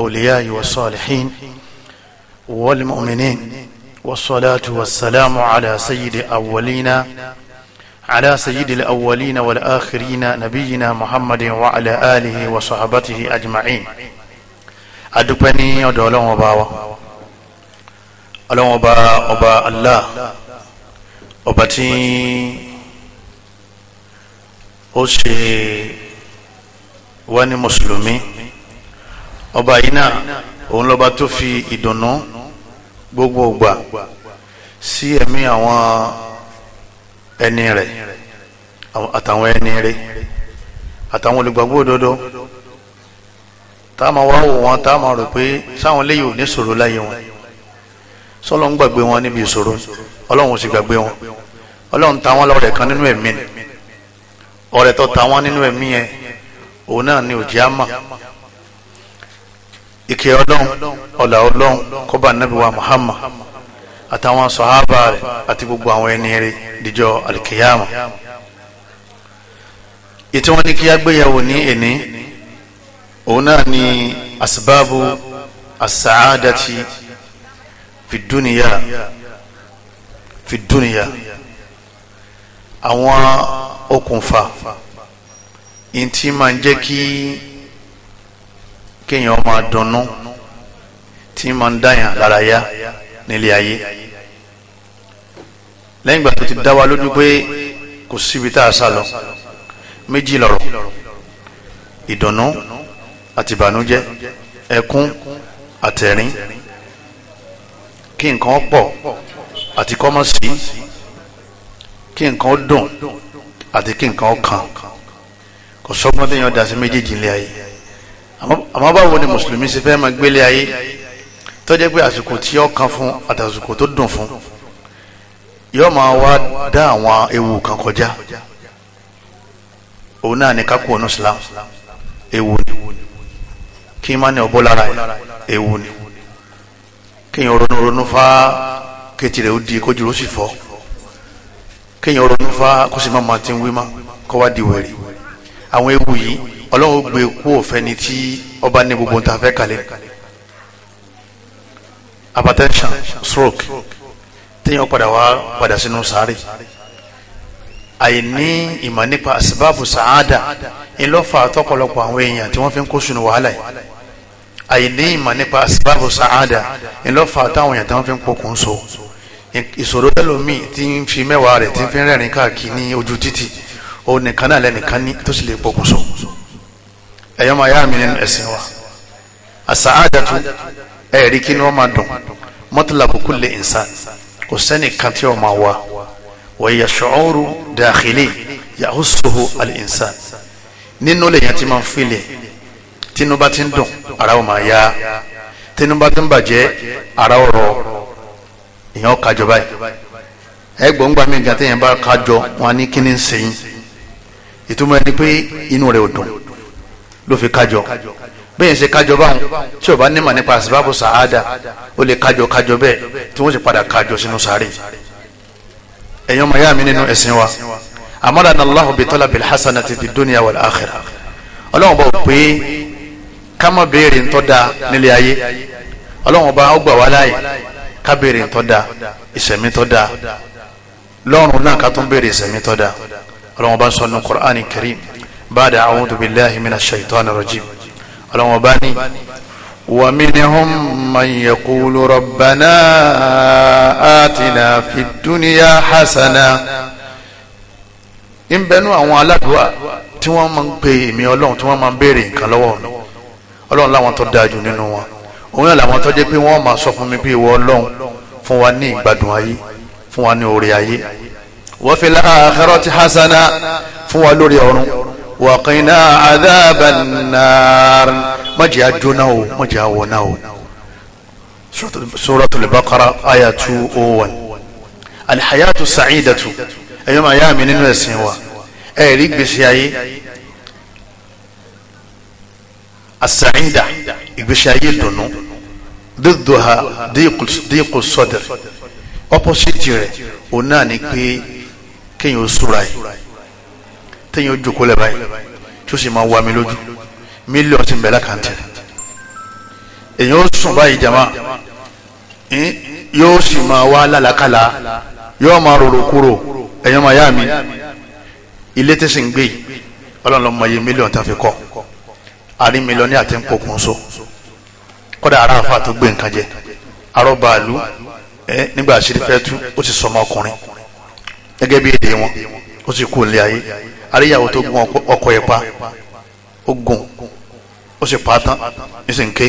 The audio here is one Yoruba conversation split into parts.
أولياء والصالحين والمؤمنين والصلاة والسلام على سيد الأولين على سيد الأولين والآخرين نبينا محمد وعلى آله وصحبته أجمعين أدقني أدعو الله أباوة الله أبا أبا الله أبتي أشي وأني مسلمين ọba yìí náà òun lọ́ba tó fi ìdùnnú gbogbo ògbà sí ẹ̀mí àwọn ẹni rẹ̀ àtàwọn ẹni rẹ̀ àtàwọn olùgbàgbọ́ òdodo táàmà wá wò wọn táàmà rò pé sáwọn léyìí ò ní ṣòro láyé wọn sọlọ́n gbàgbé wọn níbi ìṣòro ọlọ́run sì gbàgbé wọn ọlọ́run ta wọn lọ́rẹ̀ kan nínú ẹ̀mí ni ọ̀rẹ́ tó ta wọn nínú ẹ̀mí yẹn òun náà ni òjì á mà ìkẹ́ ọlọ́run ọ̀là ọlọ́run kọ́ba nàbí wa Muhammad àtàwọn sọ̀hábà rẹ̀ àti gbogbo àwọn ẹni rẹ̀ díjọ́ alikiyama ìtí wọ́n ní kí á gbéyàwó ní èní òun náà ni asibábu asaadati fìdúnìyà fìdúnìyà àwọn okùnfà ìtí máa jẹ́ kí kéèyàn máa dunnú tí máa ń dáyàn lára yá nílé ayé lẹ́yìn ìgbà tó ti dá wa lójú pé kò síbi tá a sá lọ méjì lọ̀rọ̀ ìdùnnú àti ìbànújẹ́ ẹkún àtẹ̀rín kí nǹkan pọ̀ àti kọ́mọ́ sí kí nǹkan dùn àti kí nǹkan kàn kò sọ́gbọ́n téèyàn dá sí méjèèjì nílé ayé àmọ́ báwo ni mùsùlùmí ṣe fẹ́ máa gbélé ayé tó jẹ́ pé àsìkò tí ó kan fún àtàsìkò tó dùn fún yóò máa wá dá àwọn ewu kan kọjá òun náà ni kákó ọ̀nà islam ewu ni kí n má ní ọbọ lára ewu ni kéèyàn ronú ronú fá kétìrẹ ó di kójú ló sì fọ kéèyàn ronú fá kó sì má máa ti ń wí má kó wá di wẹ̀rì àwọn ewu yìí ọlọ́run gbé kú òfẹ́ni tí ọba ní gbogbo nta fẹ́ kalẹ̀ hypertension stroke téèyàn padà wá padà sínú sáré àìní ìmọ̀ nípa àsìbáàbù sàádà ńlọ́fà tọ́pọ̀lọpọ̀ àwọn èèyàn tí wọ́n fi ń kó sínú wàhálà yìí àìní ìmọ̀ nípa àsìbáàbù sàádà ńlọ́fà táwọn èèyàn tí wọ́n fi ń pokùn so ìṣòro tẹ́lómi tí ń fi mẹ́wàá rẹ̀ tí ń fi rẹ́rìn káàkiri ní ojú títì òun nìkan náà lẹ́nìkan ní tó sì lè pokùn so ẹ̀yọ́ máa yá mi nínú ẹ̀sìn wa àsàádàtú ẹ̀rí kí ni wọ́n máa dùn mọ́tòlábù kulli insan kò sẹ́ni kan tí wọ́n máa wá wọ́n yẹ ṣọ́ọ́rù dàkìlì yahusuhu al-insan nínú lè yẹn ti máa ń filẹ̀ tínú bá ti ń dùn ara wọn máa yá tínú ti ń bàjẹ́ ara ọ̀rọ̀ èèyàn kájọ báyìí ẹgbọn gba mi gàtẹ́yìn bá kájọ wọn ní kíní ń sèyìn ìtumọ̀ ẹni pé inú rẹ̀ ò dùn ló fi kájọ bẹ́ẹ̀ ṣe kájọ báwọn tí o bá nímọ̀ nípa àsìbábù sàádà ó lè kájọ kájọ bẹ́ẹ̀ tí wọ́n sì padà kájọ sínú sáré ẹ̀yọ́n maya mi nínú ẹ̀sìn wa amarana Allahu bi talabil hasanati fid dunya wal akhirah ọlọ́run bá wò pé ká má béèrè ń tọ́da nílé ayé ọlọ́run bá ó gbà wá láàyè ká béèrè ń tọ́da ìṣẹ̀mí tọ́da lọ́run náà ká tún béèrè ìṣẹ̀mí tọ́da ọlọ́run bá sọ nínú Qur'ani Karim báda a'udhu billahi minash shaitani rajim ọlọ́wọ́n bá ní wa minhum man yaqulu rabbana atina fid dunya hasana ń bẹnu àwọn aládùúwà tí wọ́n máa ń pe èmi ọlọ́run tí wọ́n máa ń béèrè nǹkan lọ́wọ́ mi ọlọ́run láwọn tó dáa jù nínú wọn òun náà làwọn tó jẹ́ pé wọ́n máa sọ fún mi pé ìwọ ọlọ́run fún wa ní ìgbádùn ayé fún wa ní oore ayé wa fil akhirati hasana fún wa lórí ọ̀run wàkínà àdábànàr májì àjọná o májì àwọná o suratul baqara aya two oh one alihayatu sa'idatu ẹ̀yọ́ máa yá mi nínú ẹ̀sìn wa ẹ̀ rí gbèsè ayé asa'ida ìgbésí ayé dùnú dídùhà díkù sọdẹrẹ ọpọsítì rẹ òun náà ni pé kéèyàn ó súra yìí téèyàn ó jòkó lẹ̀ báyìí tí ó sì máa wá mi lójú mílíọ̀nù ti ń bẹ̀ lákàntì èèyàn ó sùn báyìí jama yóò sì máa wá lálàkàlà yóò máa rorò kúrò ẹ̀yàn máa yá mi ilé tí sì ń gbé ọlọ́run ló mọ iye mílíọ̀nù kọ́ àrí mílíọ̀nù àti ń pokùn so kọ́dà ara àfa tó gbé nǹkan jẹ arọ́bàálù ẹ nígbà àṣírí fẹ́ tú ó sì sọmọ ọkùnrin gẹ́gẹ́ bí èdè wọn ó sì kú ilé ayé àríyàwó tó gun ọkọ ẹ̀ pa ó gùn ó sì pa tán ní sì ń ké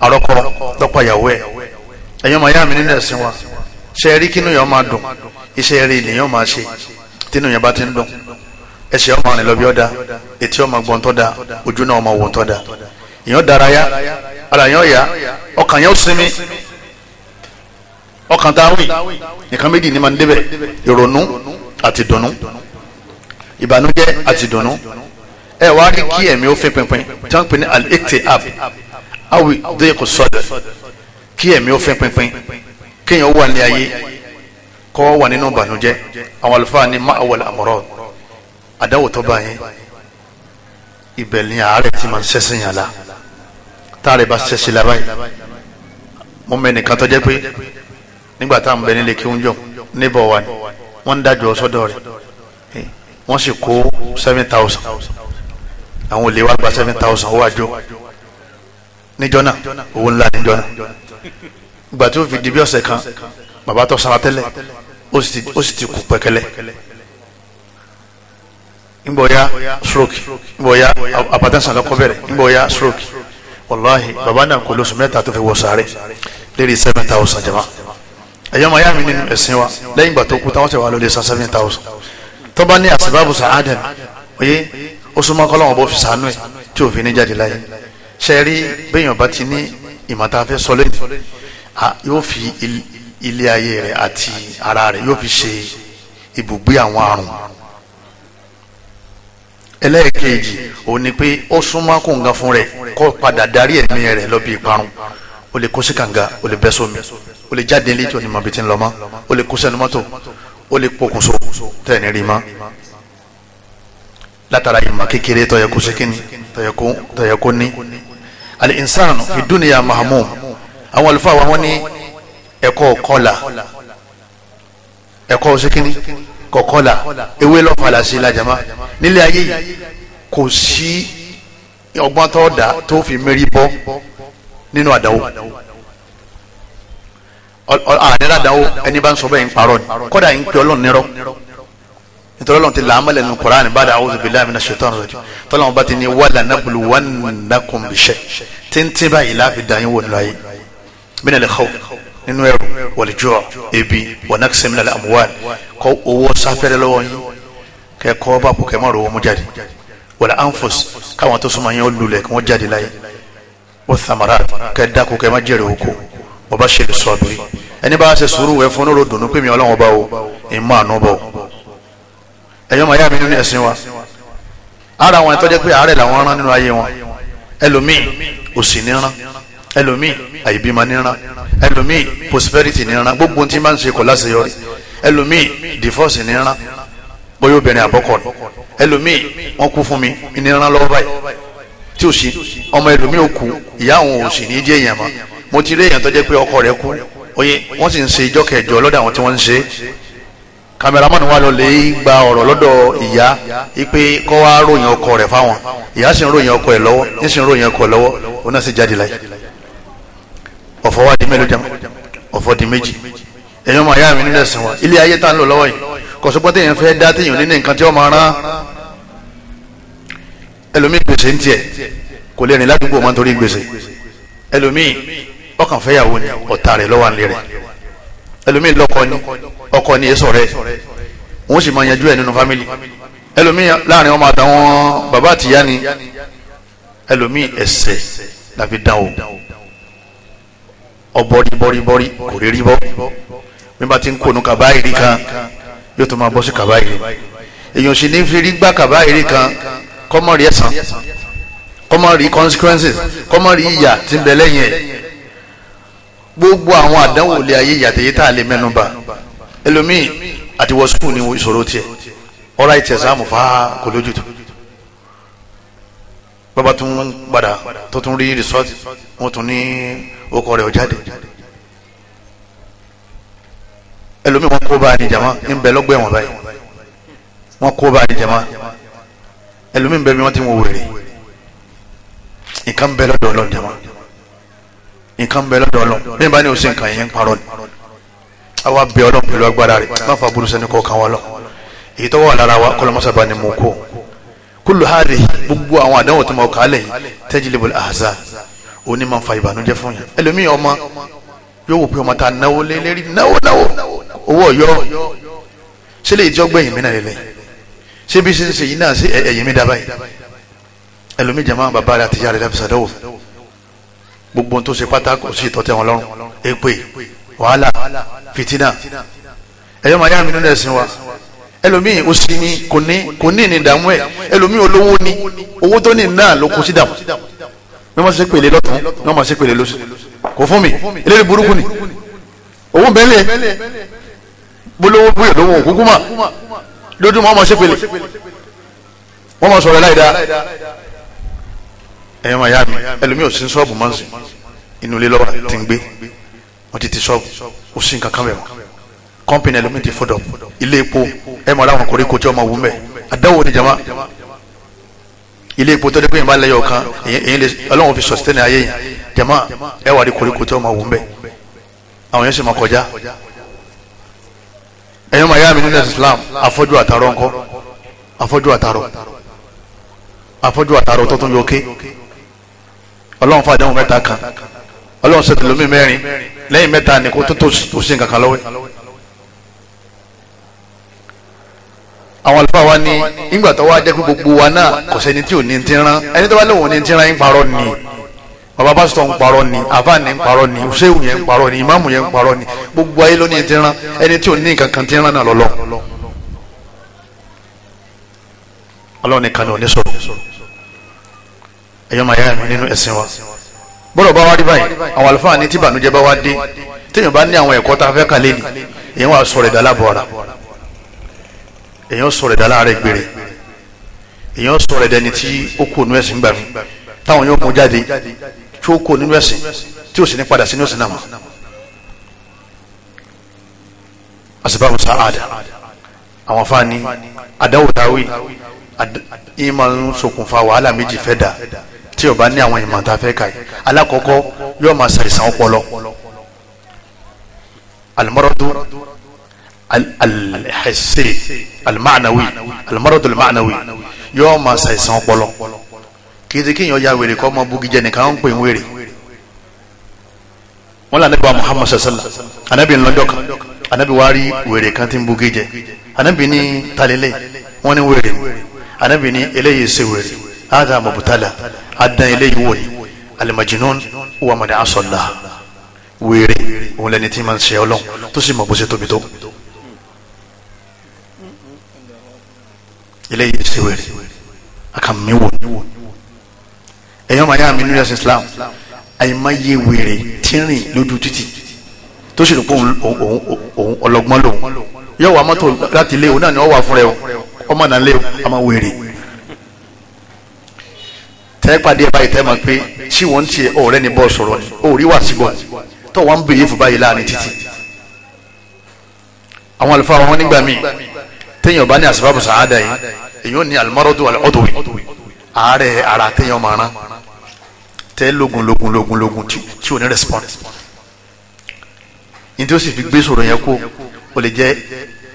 àrọ́kọ lọ́pàá ìyàwó ẹ̀ ẹ̀yọ́ máa yá mi nílẹ̀ sí wa ṣe rí kínú yẹn máa dùn iṣẹ́ rí lèyàn máa ṣe tínú yẹn bá ti ń dùn ẹsẹ̀ ọmọ rìn lọ bí ọ̀dà etí ọmọ gbọ́n tọ́ da ojú náà ọmọ wọ̀n tọ́ da èèyàn dárayá ara èèyàn yá ọkàn yẹn sinmi ọkàn tá a wí nìkan méjì ni máa ń débẹ̀ ìrònú àti dùnnú ìbànújẹ́ àti dùnú ẹ wá rí kí ẹ̀mí ó fẹ́ pínpín tí wọ́n pè ní al-ikti ab awi dẹ́kù sọ́dọ̀ kí ẹ̀mí ó fẹ́ pínpín kéèyàn wà ní ayé kọ́ wà nínú ìbànújẹ́ àwọn àlùfáà ní ma'awal amurad àdáwò tó bá yẹn ibẹ̀ ní àárẹ̀ tí màá ṣẹ́sìn yàn la táàrẹ̀ bá ṣẹ́sìn la báyìí mo mẹ́nìkan tó jẹ́ pé nígbà táwọn bẹ nílé kí wọ́n níbọ̀ wà ní wọ́n ń dájọ́ sọ́dọ̀ rẹ̀ wọ́n sì kó seven thousand àwọn olè wa gba seven thousand owó àjọ níjọ́ náà owó ńlá níjọ́ náà ìgbà tí ó fi di bí ọ̀sẹ̀ kan bàbá tó sara tẹ́lẹ̀ ó sì ti kú pẹ́kẹ́lẹ́ nbọya stroke nbọya hypertension lọkọ bẹ̀rẹ̀ nbọya stroke wàláhi bàbá náà kò lóṣù mẹ́ta tó fi wọ sáré lérí seven thousand jama ẹ̀yọ́ maya mi nínú ẹ̀sìn wa lẹ́yìn ìgbà tó kú táwọn ṣe wà lórí san seven thousand tó bá ní àsìbábù sàádà oyé ó súnmọ́ kọ́lọ́wọ́n bó fi sànú ẹ̀ tí òfin ní jáde láyé ṣe rí béèyàn bá ti ní ìmọ̀tafẹ́ sọ lẹ́nu yóò fi ilé ayé rẹ̀ àti ara rẹ̀ yóò fi ṣe ibùgbé àwọn àrùn ẹlẹ́ẹ̀kejì òun ni pé ó súnmọ́ kó nǹkan fún rẹ̀ kó padà darí ẹ̀mí rẹ̀ lọ bí ìparun ó lè kó sí kànga ó lè bẹ́ sómi ó lè jáde létí onímọ̀ bìtì ńlọmọ́ ó kóso tẹ́ẹ̀ni rí ma látara ìmọ̀ kékeré tọ́yẹ kó sékíní tọ́yẹ kó ní al-insanu fi dunya mahamum àwọn àlùfáà wa wọ́n ní ẹ̀kọ́ kọ́là ẹ̀kọ́ sékíní kọ̀kọ́là ewé lọ́fàlà sí lajama nílé ayé yìí kò sí ọgbọ́n tó dà tó fi mérí bọ́ nínú àdáwò àdéhà dánwó ẹni bá ń sọ bẹ́ẹ̀ ń parọ́ ni kọ́dà ń pe ọlọ́run nírọ́ nítorí ọlọ́run ti là á mọ́lẹ̀ nínú Kùránì bá dàá auzu billahi minash shaitani rajim tọ́lọ́run bá ti ní wàlà nàbùlù wannakum bìṣẹ́ tíntín báyìí láàfin dàáyín wò nílò ayé minal khawf nínú ẹrù wal ju' ebi wa naqsin minal amwal kọ́ owó sáfẹ́rẹ́ lọ́wọ́ yín kẹ́ kọ́ bá kú kẹ́ má rówó mú jáde wal anfus káwọn tó súnmọ́ yín ó lulẹ̀ kí wọ́n jáde láyé wọ́n thamara kẹ́ dákú kẹ́ má jèrè oko wa bashiri sabiri ẹni bá ṣe sùúrù wẹ̀ fún olóró dùnú pé bá o ìmọ̀ àánú bọ̀ ẹ̀yọ́ màá yá mi nínú ẹ̀sìn wa ara àwọn ẹ̀tọ́ jẹ́ pé àárẹ̀ làwọn rán nínú ayé wọn ẹlòmíì òsì níran ẹlòmíì àìbímọ níran ẹlòmíì prosperity níran gbogbo ohun tí máa ń ṣe kò láṣeyọrí ẹlòmíì divorce níran bóyá obìnrin àbọ́kọ̀ ni ẹlòmíì wọ́n kú fún mi níran lọ́wọ́ báyìí tí ò ọmọ ẹlòmíì ò kú mo ti rí èèyàn tó jẹ́ pé ọkọ rẹ̀ kú oye wọ́n sì ń ṣe ìjọ kẹjọ lọ́dọ̀ àwọn tí wọ́n ń ṣe kameraman wa lọ lè gba ọ̀rọ̀ lọ́dọ̀ ìyá ipe kọ́ wa ròyìn ọkọ rẹ̀ fáwọn ìyá sì ń ròyìn ọkọ ẹ̀ lọ́wọ́ ní sì ń ròyìn ọkọ ẹ̀ lọ́wọ́ òun náà sì jáde láyé ọ̀fọ̀ wa di mélòó jẹun ọ̀fọ̀ di méjì ẹ̀yin ọmọ ìyá mi nílẹ̀ sìn wa ilé ayé tá ń lò lọ́wọ́ yìí kò sọ pé téèyàn fẹ́ dá téèyàn nínú nǹkan tí ó máa rán ẹlòmíì gbèsè ń tiẹ̀ kò lè rìn ládùúgbò máa ń torí gbèsè ẹlòmíì ọkàn fẹ́yàwó ni ọ̀tá rẹ̀ lọ́wọ́ nílé rẹ̀ ẹlòmíì lọ́kọ ni ọkọ ni èso rẹ̀ wọ́n sì máa yanjú ẹ̀ nínú fámìlì ẹlòmíì láàrin ọmọ àtàwọn bàbá àtìyá ni ẹlòmíì ẹsẹ̀ láfi dán o ọbọrí bọrí bọrí kò rí rí bọ nígbà tí ń kónú kàbáyìrì kan yóò tó máa bọ́ sí kàbáyìrì èyàn sì ní fi rí gbá kàbáyìrì kan kọ́mọ̀rì ẹ̀sán kọ́mọ̀rì consequences kọ́mọ̀rì ìyà tí ń lẹ́yìn ẹ̀ gbogbo àwọn àdánwò ilé ayé yàtẹ̀yẹ tá a lè mẹ́nu bà ẹlòmíì àti wọ sukùl ní ìṣòro tiẹ̀ ọ̀rá ìtẹ̀ sáàmù fa kò lójú tó bàbá tún padà tó tún rí rìsọ́ọ̀tì wọ́n tún ní okọ̀ rẹ̀ ọ̀jáde ẹlòmíì wọn kó bá a ní jama ń bẹ lọ́gbẹ̀ẹ́ wọn báyìí wọn kó bá a ní jama ẹlòmíì ń bẹ bí wọ́n ti ń wo wèrè nǹkan bẹ lọ́dọ̀ ọlọ́dẹ wọn nǹkan ń bẹ lọ́dọ̀ ọlọ́ bí n bá ní o ṣe nǹkan yẹn ń parọ́ ni àwa bẹ ọlọ́ pẹ̀lú agbára rẹ̀ má fa burú sẹ́ni kọ̀ọ̀kan wa lọ èyí tó wà lára wa kọlọmọsàbà ni mo kó kúlù hàrì gbogbo àwọn àdánwò tó máa kàálẹ̀ yìí tajlibul ahzan òní máa ń fa ìbànújẹ́ fún yẹn ẹlòmíì ọmọ yóò wò pé ọmọ ta náwó lé náwó náwó owó ọ̀yọ́ sílẹ̀ ìjọ́gbẹ̀yìn mi náà lélẹ̀ ṣé bí ṣe yìí náà sí ẹ̀yìn mi dábàá yìí ẹlòmíì jẹ́ máa bàbá rẹ̀ àtijọ́ rẹ̀ lábìsàdọ́wò gbogbo tó ṣe pátá kò sí ìtọ́tẹ́ wọn lọ́rùn èpè wàhálà fitina ẹ̀yọ́ màá yá mi nínú ẹ̀sìn wa ẹlòmíì ó sì ní kò ní kò ní ní ìdààmú ẹ̀ ẹlòmíì olówó ni owó tó ní náà ló kó sí dààmú ní wọ́n ṣe pèlè lọ́tún ní wọ́n ṣe pèlè lọ́sùn kò fún mi eléyìí burúkú ni owó bẹ́lẹ̀ bolówó bóyá lówó òkúkú mà lódún wọn máa ṣe pèlè wọn máa sọ̀rọ̀ láì dáa ẹ̀yọ́ màá yá mi ẹlòmí ò sí ṣọ́ọ̀bù máa ń sìn inú ilé lọ́wọ́ ti ń gbé wọ́n ti ti ṣọ́ọ̀bù ó sì ń kankan bẹ̀ wọ́n kọ́ńpìnì ẹlòmí ti fọ́dọ̀ ilé epo ẹ̀ mọ̀ láwọn koríko tí ọmọ wù mẹ́ àdáwò ni jama ilé epo tó dé pé yẹn bá lẹ́yọ̀ kan èyí lè ọlọ́run fi sọ̀sítẹ́nì ayé yẹn jama ẹ wà rí koríko tí ọmọ wù mẹ́ àwọn yẹn sì máa kọjá ẹ̀yọ́ Islam afọ́jú àtàrọ̀ ńkọ́ afọ́jú àtàrọ̀ afọ́jú àtàrọ̀ tó ọlọ́run fún àdéhùn mẹ́ta kan ọlọ́run ṣètò lómi mẹ́rin lẹ́yìn mẹ́ta ni kó tó tó sí nǹkan kan lọ́wọ́ àwọn àlùfáà wa ní ìgbà tó wá jẹ́ pé gbogbo wa náà kò sẹ́ni tí ò ní ti rán ẹni tó bá lóun ní ti rán ń parọ́ ni bàbá pásítọ̀ ń parọ́ ni àfáà ní ń parọ́ ni ṣéwù yẹn ń parọ́ ni ìmáàmù yẹn ń parọ́ ni gbogbo ayé ló ní ti rán ẹni tí ò ní nǹkan kan ti rán náà lọ́lọ́ ọlọ́run nìkan ni ò ní sọ̀rọ̀ ẹ̀yọ́ màá yá mi nínú ẹ̀sìn wa bọ́dọ̀ bá wá rí báyìí àwọn àlùfáà ní tí ìbànújẹ́ bá wá dé téèyàn bá ní àwọn ẹ̀kọ́ tá a fẹ́ kà lé ní èyàn wà sọ̀rọ̀ ẹ̀dá láàbọ̀ ara èyàn sọ̀rọ̀ ẹ̀dá láàárẹ̀ gbére èyàn sọ̀rọ̀ ẹ̀dá ẹni tí ó kú nínú ẹ̀sìn gbàmí táwọn yóò mú jáde tí ó kú nínú ẹ̀sìn tí ó sì ní padà sínú ẹ̀sìn náà mọ́ sa'ada àwọn fani adáwò dáwì ìmọ̀ ń ṣokùnfà wàhálà méjì fẹ́ tí o bá ní àwọn ìmọ̀ tá a fẹ́ kà yìí alákọ̀ọ́kọ́ yóò máa ṣàìsàn ọpọlọ alimọ́rọ́dún alẹ́sẹ̀ alimáànáwì alimọ́rọ́dún alimáànáwì yóò máa ṣàìsàn ọpọlọ kìí kéèyàn ya wèrè kọ́ ọmọ bugijẹ nìkan ń pè ń wèrè wọn là nípa Muhammad sasala anabi ńlọjọ kan anabi wa rí wèrè kan tí ń bugijẹ anabi ní talilẹ wọn ní wèrè anabi ní eléyìí ṣe wèrè ada mọ̀bùtálà adan eléyìí wò ni alimajinun wa mọ̀dà asọ̀lá wèrè òun lẹni tí ma ń ṣe ọlọ́run tó sì mọ̀ bó ṣe tóbi tó eléyìí ṣe wèrè akàmì wò ni ẹ̀yọ́ màá yá mi nílẹ̀ Islam àìmáyé wèrè tí ń rìn lójú títì tó sì rò pé òun ọlọ́gbọ́n lòun yóò wá mọ́tò láti ilé òun náà ni wọ́n wà fún rẹ ọmọ náà lé ọmọ wèrè tẹ́ pàdé ẹ̀ báyìí tẹ́ mọ̀ pé tí wọ́n ti ọ̀rẹ́ ni bọ́ọ̀ sọ̀rọ̀ ni ó rí wà síbọ̀ tó wọ́n ń bèèrè fún báyìí láàrin títì àwọn àlùfáà wọn nígbà míì téèyàn bá ní àsìbábù sàádà yìí èyàn ní alimọ́rọ́dù ọ̀dọ̀wì ààrẹ ara téèyàn máa rán tẹ́ lógun lógun lógun lógun tí ò ní respond ní tí ó sì fi gbé sọ̀rọ̀ yẹn kó o lè jẹ́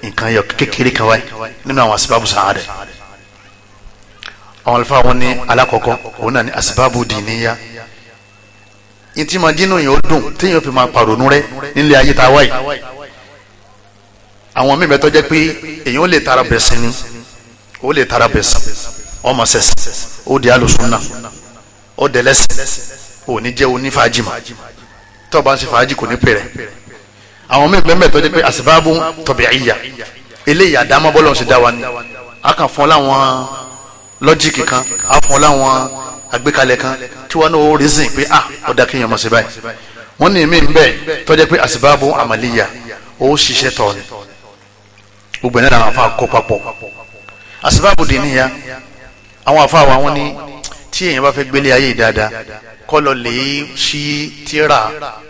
nǹkan yọ kékeré kan wáyé nínú àwọn àsìbábù sàádà yìí àwọn alifa wọn ní alakọkọ òun náà ní asibabu dìníya ntí ma dínú yìí ó dùn téèyàn fi máa pàrònú rẹ nílé ayé tá a wáyé àwọn mímẹ tó jẹ́ pé èèyàn lè tara bẹ̀sìn ni ó lè tara bẹ̀sìn ọmọ sẹ̀sìn ó di alùsùnà ó dẹ̀lẹ́sìn ó ní jẹ́ onífàájìmọ̀ tó o bá ń ṣe fàájì kò ní pè àwọn mímẹ tó jẹ́ pé asibabu tabi'iyya eléyìí àdámọ́ bọ́lọ́run ṣe dá wa ni a kàn fọ́n láwọn lọ́jíìkì kan á fún ọ láwọn àgbékalẹ̀ kan tí wọ́n náà reason pé ah ọ̀dà kéèyàn mọ̀ sí báyìí wọ́n ní ìmí bẹ́ẹ̀ tọ́jẹ́ pé àsìbáàbò àmàlíyà ó ṣiṣẹ́ tọ̀ ni gbogbo ẹ̀ náà làwọn afa kó papọ̀ àsìbáàbò dì níyà àwọn afa wa wọn ní tí èèyàn bá fẹ́ gbélé ayé dáadáa kó lọ lè ṣí tíra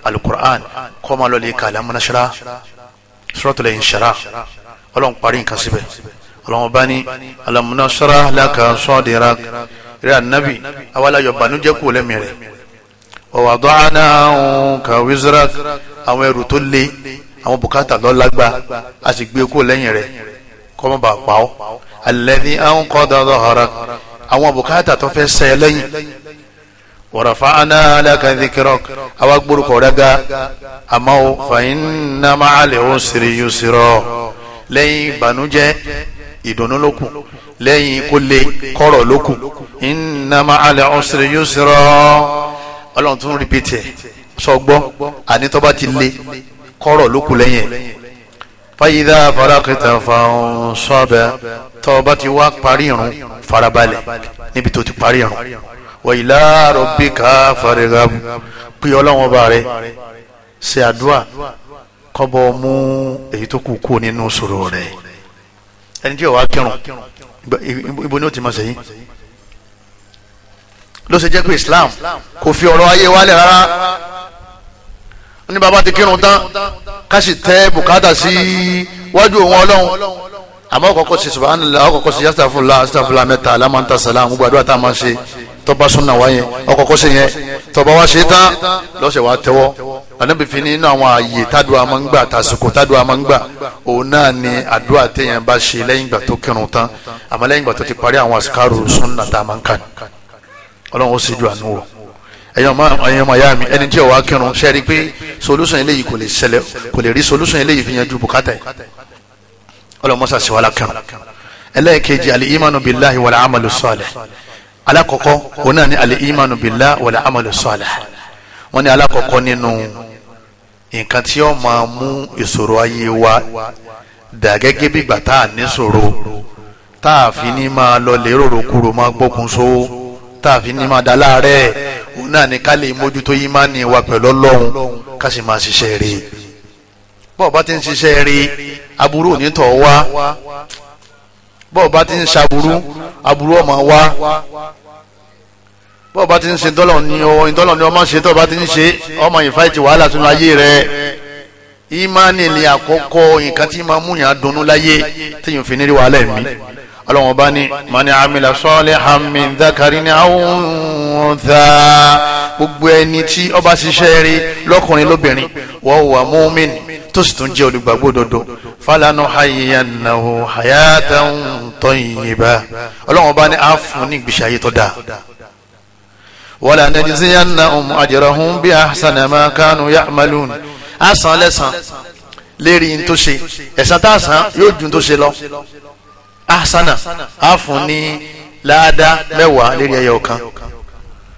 alukur'an kó máa lọ lè kà lámúnáṣárá suratul inshara ọlọ́run parí nǹkan síbẹ̀ ọlọ́wọ́n bá ní alamuna sọ́ra laka sọ́ọ̀dìra rẹ̀ ànábì awàláyọ̀ bànújẹ́ kù lẹ́mìí rẹ̀ ọ̀wàdọ́ àná ka wizara àwọn ẹrù tó le àwọn bùkátà lọ lágbá a sì gbé kù lẹ́yìn rẹ̀ kọ́mọ́ bá pa ọ́ àwọn kọ́ dọ́dọ́ àwọn bùkátà tó fẹ́ sẹ́ lẹ́yìn ورفعنا لك ذكرك او اكبر قولك اما فان مع العسر يسرا لي بنوجه ìdùnnú ló kù lẹ́yìn kó lè kọ́rọ̀ ló kù inna ma'al usri yusra ọlọ́run tún rìpìtì ẹ̀ sọgbọ́ àní tó bá ti lè kọ́rọ̀ ló lẹ́yìn fa idha faraqta fansab tó bá ti wá parí irun farabalẹ̀ níbi tó ti parí irun wa ila rabbika farghab pé ọlọ́run ọba rẹ̀ ṣe àdúrà kọ́bọ̀ mú èyí tó kù kú nínú sọ̀rọ̀ rẹ̀ ẹni tí ò wá kírun ibo ni ó ti máa ṣe yín ló ṣe jẹ́ pé Islam kò fi ọ̀rọ̀ ayé wálẹ̀ rárá ní bàbá ti kírun tán ká sì tẹ bùkátà sí wájú òun ọlọ́run àmọ́ ọ̀kọ̀ọ̀kọ̀ sí subhanallah ọ̀kọ̀ọ̀kọ̀ sí yastaghfirullah astaghfirullah mẹ́ta alámọ̀ntàsálà àwọn gbàdúrà tá a máa ṣe tọba súnà wáyé ọkọ̀kọ́ sí yẹn tọba wá ṣe tán lọ́sẹ̀ wá tẹ́wọ́ ànábì fi ní inú àwọn ààyè tádùá máa ń gbà tàsìkò òun náà ni àdúrà téèyàn bá ṣe lẹ́yìn ìgbà tó kírun tán àmọ́ lẹ́yìn ìgbà tó ti parí àwọn àsìkárò súnà tá a máa ń kà ní ọlọ́run ó sì ju àánú wò ẹ̀yàn máa ẹ̀yàn máa yá mi ẹni tí ò wá ṣe rí i pé solution eléyìí kò lè ṣẹlẹ̀ kò lè rí solution eléyìí fi yanjú bùkátà yìí ọlọ́run mọ́sàsì wàhálà kírun ẹlẹ́ẹ̀kejì al-imanu billahi wal amalu salih alakọkọ òun náà ni al-imanu billah wal amalu salih wọn ni alakọkọ nínú nǹkan tí ó máa mú ìṣòro ayé wa dà gẹ́gẹ́ bí ìgbà tá a níṣòro tá a fi ní máa lọ lè rorò kúrò máa gbókun so tá ní máa dá láàárẹ̀ òun náà ni ká lè mójútó yín wa pẹ̀lú ọlọ́run ká sì máa ṣiṣẹ́ rí bọ́ọ̀ bá ti ń ṣiṣẹ́ rí aburú onítọ̀ wá bọ́ọ̀ bá ti ń ṣàbùrú àbùrú ọmọ wa bọ́ọ̀ bá ti ń ṣe dọ́lọ̀ ní ọwọ́ ìdọ́lọ̀ ní ọmọ ṣe tọ́ọ̀ bá ti ń ṣe ọmọ ìfáìtì wàhálà sínú ayé rẹ̀ ìmánì ni àkọ́kọ́ nǹkan tí máa mú yàn dunnú láyé téèyàn fi nírí wàhálà ẹ̀mí ọlọ́wọ́n bá ní mani amila salihan min dhakarin aw untha gbogbo ẹni tí ó bá ṣiṣẹ́ rí lọ́kùnrin lóbìnrin wa huwa mu'min tó sì tún jẹ́ olùgbàgbọ́ òdodo falanu hayyannahu hayatan tayyiba ọlọ́run bá ní á fún ní ìgbésí ayé tó dáa wala najziyannahum ajrahum bi ahsana ma kanu ya'malun á san lẹ́san lérí n tó ṣe ẹ̀san tá a san yóò ju n tó ṣe lọ ahsana á ní láàdá mẹ́wàá lérí ẹyọ kan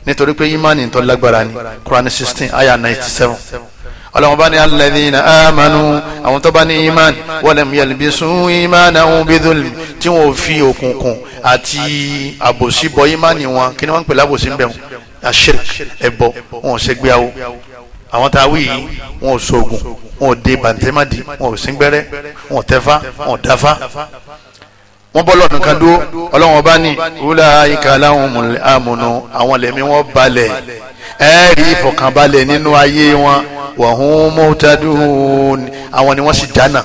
nítorí pé yimani tó lágbára ni Quran sixteen ayah ninety ọlọ́run bá ní alladhina amanu àwọn tó bá ní iman walam yalbisu imanahum bidhulm tí wọn ò fi òkùnkùn àti àbòsí bọ imani wọn kí ni wọ́n ń pè lábòsí ń bẹ̀ wọn àṣírk ẹ̀bọ wọn ò ṣègbéyàwó àwọn tá a wí yìí wọn ò ṣoògùn wọn ò de bàǹtẹ́mádì wọn ò síngbẹ́rẹ́ wọn ò tẹ́fá wọn ò dáfá wọ́n bọ́ lọ́nà kan dúró ọlọ́wọ́n bá ní wúlà ayíká láwọn amúnú àwọn lẹ́mí wọn balẹ̀ ẹ rí ìfọ̀kànbalẹ̀ nínú ayé wọn wọ̀hún mọ́tàdún àwọn ni wọ́n sì jánà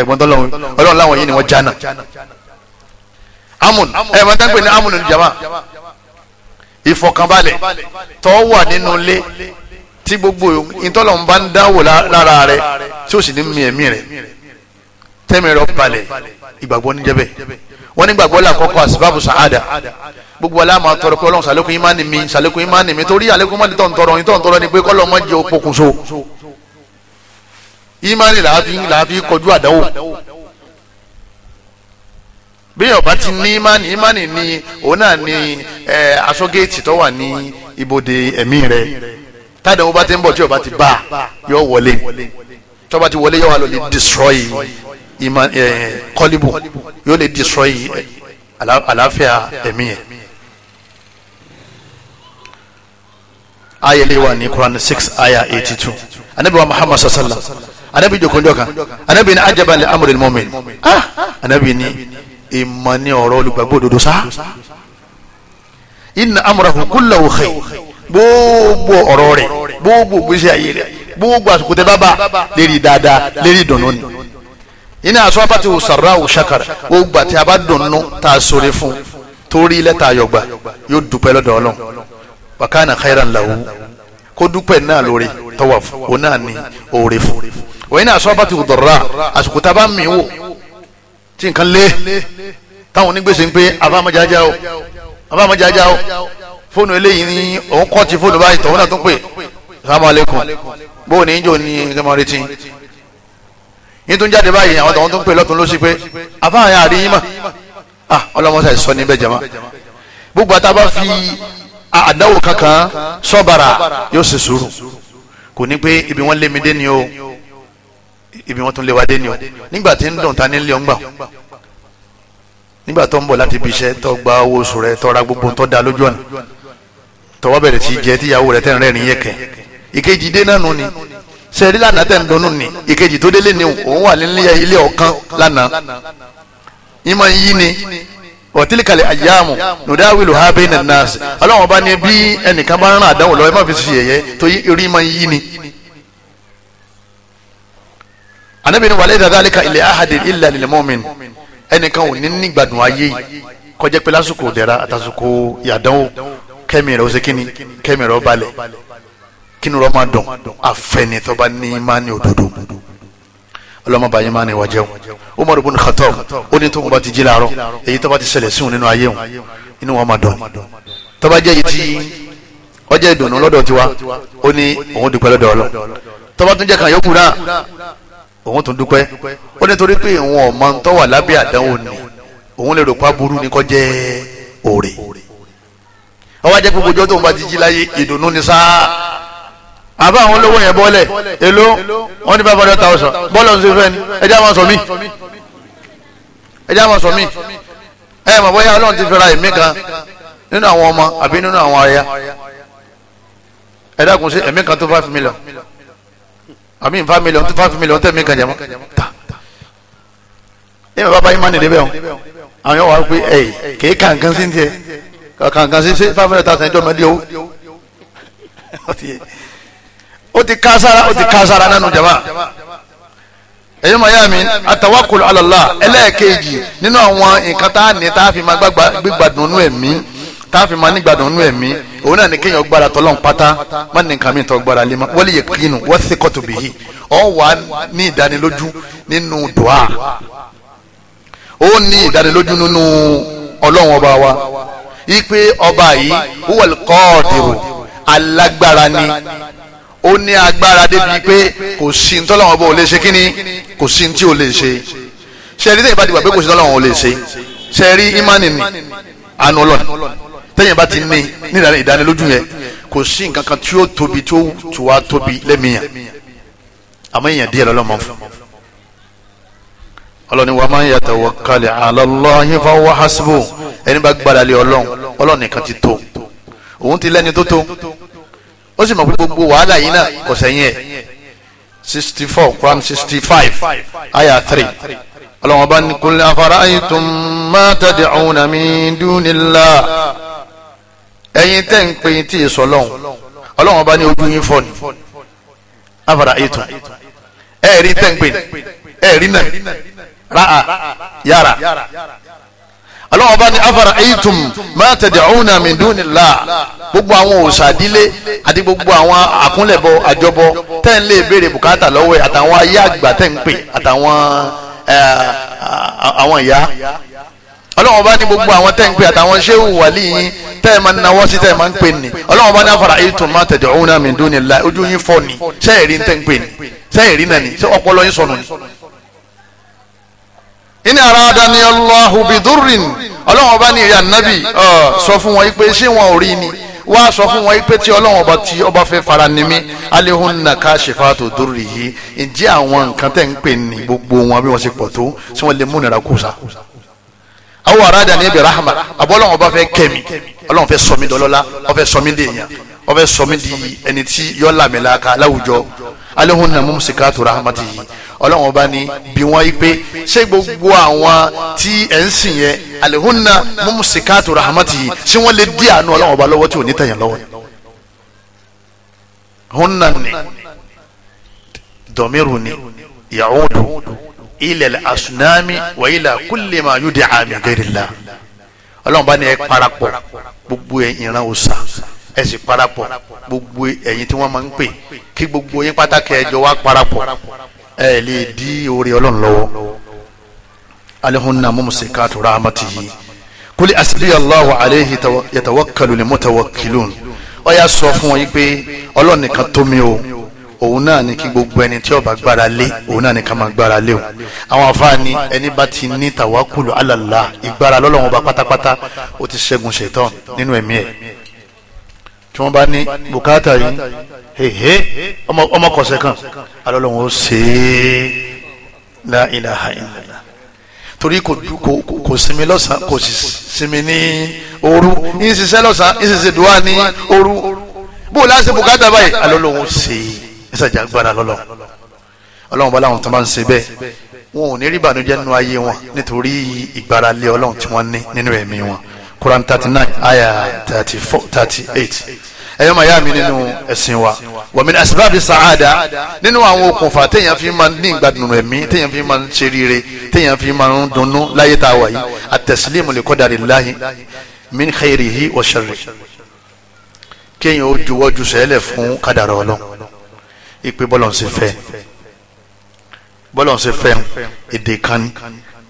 ẹ̀gbọ́n tọ́lọ́run ọlọ́run láwọn yìí ni wọ́n jánà amún ẹ̀gbọ́n tán pè ní amún ní jama ìfọ̀kànbalẹ̀ tó wà nínú ilé tí gbogbo ìtọ́lọ́run bá ń dáwò lára rẹ̀ tí ó sì ní mi ẹ̀mí rẹ̀ tẹ́mi rẹ̀ balẹ̀ ìgbàgbọ́ ní jẹ́bẹ̀ wọ́n ní gbàgbọ́ làkọ́kọ́ àsìbábù sàádà gbogbo wa la máa tọrọ pé ọlọ́run sàlékún ìmánì mi sàlékún ìmánì mi torí àlékún mọ́ni tó ń tọrọ yín tó ń ni pé kọ́lọ́ mọ́ jẹ́ òpokùnso ìmánì làáfi làáfi kọjú àdáwò bí ọba ti ní ìmánì ìmánì ni òun náà ni asọ́gẹ́ẹ̀tì tó wà ní ibodè ẹ̀mí rẹ̀ tádàwọ́ bá ti ń bọ̀ tí ọba ti bá yọ wọlé tọ́ba ti wọlé yọ wà lọ́lẹ̀ destroy iman ẹ kọlibu yóò lè destroy àlàáfíà ẹ̀mí yẹn. ayẹlẹ wa ní Quran six aya eighty two anabi wa Muhammad sallam anabi jokunjọ kan anabi ni ajaban li amri mu'min ah anabi ni ìmọ̀ ní ọ̀rọ̀ olùgbàgbọ́ òdodo inna amrahu kullahu khayr gbogbo ọ̀rọ̀ rẹ̀ gbogbo gbèsè ayé rẹ̀ gbogbo àsìkò tẹ bá dada. lérí dáadáa yìí ni àtúwápá ti sàrà òṣàkàrà ó gbà tí a bá dùnnú tá a sọre fún torí lẹ́tà àyọ̀gbà yóò dúpẹ́ lọ́dọ̀ ọlọ́run wàkàna khairan lahu kó dúpẹ́ náà lórí tọ́wà fún òun náà ní òòrè fún òyìn náà sọ́ọ́bà ti dọ̀rọ̀ àsìkò tá a bá mì í wò tí nǹkan lé táwọn onígbèsè ń pé abámajájá o abámajájá o fóònù eléyìí ni òun kọ́ ti fóònù báyìí tọ́wọ́n náà tó pè salamu aleykum ní í jò ní kẹmọ́rẹ́tì yín tó ń jáde báyìí àwọn tó ń pè lọ́tún ló sì pé àfáàyàn àríyìn mà ah ọlọ́mọṣà sọ níbẹ̀ jẹ́ mọ́ gbogbo àtàbà fi àdáwò kankan sọ́bàrà yóò sì sùúrù kò ní pé ibi wọ́n lé mi dé ni o ibi wọ́n tún lé wa dé ni o nígbà tí ń dùn ta ní ilé ọ̀ngbà nígbà tó ń bọ̀ láti ibi iṣẹ́ tó gba owó oṣù rẹ̀ tó ra gbogbo tó da lójú ọ̀nà tó bẹ̀rẹ̀ sí jẹ́ tíyàwó rẹ̀ tẹ̀ ń rẹ́rìn yẹ̀kẹ́ sẹ́ẹ̀rí lánàá tẹ̀ ń dunnú ni ìkejì tó délé ni òun wà nílé ilé ọ̀kan lánàá yín máa ń yí ni wọ̀tílìkàlẹ̀ àyàmù nùdáwìlù ha bẹ́ẹ̀ nàá nàá ọlọ́wọ́n bá ní bí ẹnìkan bá ń rán àdánwò lọ́wọ́ ẹ má fi ṣe yẹ̀yẹ́ tó rí máa ń yí ni. anabi ni wàlẹ́ dàda alika ilẹ̀ ahadi ilẹ̀ alilẹ̀ mọ́min ẹnìkan ò ní ní gbádùn ayé kọjá pé lásìkò dẹ̀ra àtàsìkò yàdánwò kẹ́mi ó ṣe kíni kẹ́mi ó balẹ̀ kínú rọ máa dùn àfẹnitọ́ bá ní imáni òdodo ọlọ́mọba yín máa ní ìwà jẹun Umar ibn Khattab ó ní tóun bá ti jí láàárọ̀ èyí tó ti ṣẹlẹ̀ síhun nínú ayé Inu inú wọn máa dùn tó bá jẹ́ èyí tí ọjọ́ ìdùnnú lọ́dọ̀ tiwa ó ní òun dúpẹ́ lọ́dọ̀ ọlọ́ tó bá tún jẹ́ kan yókù náà òun tún dúpẹ́ ó ní torí pé òun ọ̀mọ ń tọ́wà lábẹ́ àdánwò ni òun lè rò pa burú ní kọ́ jẹ́ òrè gbogbo ọjọ́ tóun bá ti jí láyé ìdùnnú ni sáà àbá àwọn olówó yẹn bọ́lẹ̀ èló wọ́n ní five hundred thousand bọ́ọ̀lù ṣe fẹ́ ni ẹjẹ́ àwọn sọ mí ẹjẹ́ àwọn sọ mí ẹ mọ̀ bóyá ọlọ́run ti fẹ́ra ẹ̀mí kan nínú àwọn ọmọ àbí nínú àwọn aya ẹ dákun sí ẹ̀mí kan tó five million àmì five million tó five million tẹ̀mí kan jẹ̀mọ́ ta ní bàbá yìí má nìyẹn bẹ́ẹ̀ o àwọn yóò wá pé ẹ kìí kàǹkan sí tiẹ̀ kàǹkan sí five hundred thousand ẹjọ́ mẹ́lẹ́ owó ó ti ká sára ó ti ká sára nánú jama ẹ̀yin mọ̀ yá mi àtàwákùlù alàlá ẹlẹ́ẹ̀kejì nínú àwọn nǹkan tá a ní tá a fi máa gbígbàdùn nú ẹ̀mí tá a fi máa nígbàdùn nú ẹ̀mí òun náà ní kéèyàn gbára tọ́lọ́n pátá má ní nǹkan mìíràn tó gbára lé ma wọ́n lè yẹ kínu wọ́n ti kọ́ tóbi ọ̀ wà ní ìdánilójú nínú dùá ó ní ìdánilójú nínú ọlọ́run ọba wa ipe ọba yìí wọ́n kọ́ ọ̀dìrò alágbára ni ó ní agbára débi pé kò sí ní tọ́lọ́wọ́n bó o lè ṣe kí ni kò sí ní tí o lè ṣe sẹ́ẹ̀rí tẹ̀yìn bá ti wà pé kò sí tọ́lọ́wọ́n o lè ṣe sẹ́ẹ̀rí ìmánì ni àánú ọlọ́ni tẹ̀yìn bá ti ní nílànà ìdánilójú yẹn kò sí nǹkan kan tí ó tóbi tó tù wá tóbi lẹ́mìíyàn àmọ́ èèyàn díẹ̀ lọ́lọ́mọ fún ọlọ́ni wa man yatawakkal ala Allahi fa huwa hasbuh ẹni bá gbára ọlọ́run ọlọ́run nìkan ti tó òun ti lẹ́ni tó tó ó sì mọ̀ pé gbogbo wàhálà yìí náà kò sẹ́yìn ẹ̀ sixty four quran sixty five aya three ọlọ́wọ́n bá ní kul afara'aytum ma tad'una min dunillah ẹ̀yin tẹ́ ń pè tí ì sọ lọ́hùn ọlọ́wọ́n bá ní ojú yín fọ́ ni afara'aytum ẹ̀rí tẹ́ ń pè ẹ̀rí náà ra'a yàrá ọlọ́wọ́n bá ní afara eitum máa tẹ̀dẹ̀ ọ̀hún náà mi dún ní la gbogbo àwọn òṣàdílé àti gbogbo àwọn àkúnlẹ̀bọ àjọbọ tẹ́ ń lè béèrè bùkátà lọ́wọ́ ẹ̀ àtàwọn ayé àgbà tẹ́ ń pè àtàwọn àwọn ìyá ọlọ́wọ́n bá gbogbo àwọn tẹ́ ń pè àtàwọn ṣéwù wàlí yín tẹ́ ẹ̀ ń nawọ́ sí tẹ́ ẹ̀ ń pè ní ọlọ́wọ́n bá afara eitum máa tẹ̀dẹ̀ ọ̀hún mi dún ní la ojú yín fọ́ ni sẹ́ẹ̀rí tẹ́ ń pè ní sẹ́ẹ̀rí náà ni ọpọlọ yín sọnù ni in aradani Allahu bidurrin ọlọ́run ọba ní ìrìn ànábì sọ fún wọn pé ṣé wọn ò rí ni wá sọ fún wọn pé tí ọlọ́run ọba tí ọba fẹ́ fara ni mí alihunna kashifatu durrihi ǹjẹ́ àwọn nǹkan tẹ̀ ń pè ní gbogbo wọn bí wọ́n ṣe pọ̀ tó tí wọ́n lè mú nira kù sa. awo aradani bi rahma àbọ̀ ọlọ́run fẹ́ kẹ́mi ọlọ́run fẹ́ fẹ́ sọmi dèèyàn ó fẹ́ alehunna mumsikatu rahmatihi ọlọ́run ọba ni bí wọ́n yí pé ṣé gbogbo àwọn tí ẹ̀ ń sìn yẹn alehunna mumsikatu rahmatihi ṣé wọ́n lè dí àánú ọlọ́run ọba lọ́wọ́ tí ò ní tẹ̀yàn lọ́wọ́ ni. hunna ni dọ̀míru ni yaudu ilẹ̀ asunami wa ilẹ̀ kulli ma yud'a min ghairillah ọlọ́run ọba ni ẹ parapọ̀ gbogbo ẹ̀ ìran òòsà ẹ sì parapọ̀ gbogbo ẹ̀yin tí wọ́n máa ń pè kí gbogbo yín pátákì ẹjọ́ wá parapọ̀ ẹ lè dí orí ọlọ́run lọ́wọ́ alihunna mumsikatu rahmatihi kuli asbiya allahu alayhi yatawakkalu li mutawakkilun ó yá sọ fún wọn yìí ọlọ́run nìkan tó mi o òun náà ni kí gbogbo ẹni tí ó gbára lé òun náà ni ká gbára lé o àwọn afáàní ẹni bá ti ní tawakulu alala ìgbára lọ́lọ́run ọba pátápátá ó ti ṣẹ́gun ṣaitan nínú ẹ̀mí ẹ̀ tí wọ́n bá ní bùkátà yìí hehe ọmọ kọ̀ọ̀sẹ̀ kan alọ́lọ́wọ́n ó ṣe é la ilaha illallah torí kò kò sinmi lọ́sàn kò sì sinmi ní òru yín ṣiṣẹ́ lọ́sàn yín ṣiṣẹ́ dùwà ní òru bó o láti bùkátà báyìí alọ́lọ́wọ́n ṣe é ìṣàjà agbára lọ́lọ́ ọlọ́run bá láwọn tó máa ń ṣe bẹ́ẹ̀ wọn ò ní rí ìbànújẹ́ nínú ayé wọn nítorí ìgbáralé ọlọ́run tí wọ́n ní nínú ẹ̀mí wọn Quran thirty nine 34 38 four thirty eight ẹ̀yọ́ màá yá mi nínú ẹ̀sìn wa wa min asbabi sa'ada nínú àwọn okùnfà téèyàn fi máa ń ní ìgbàdùn ẹ̀mí téèyàn fi máa ń ṣe rire téèyàn fi máa ń dunnú láyé tá a wà yìí at-taslimu li qadarillahi min khayrihi wa sharrihi kéèyàn ó juwọ́ ju sẹ́lẹ̀ fún kádàrá Ọlọ́run ìpè bọ́lọ̀ fẹ́ bọ́lọ̀ fẹ́ èdè kan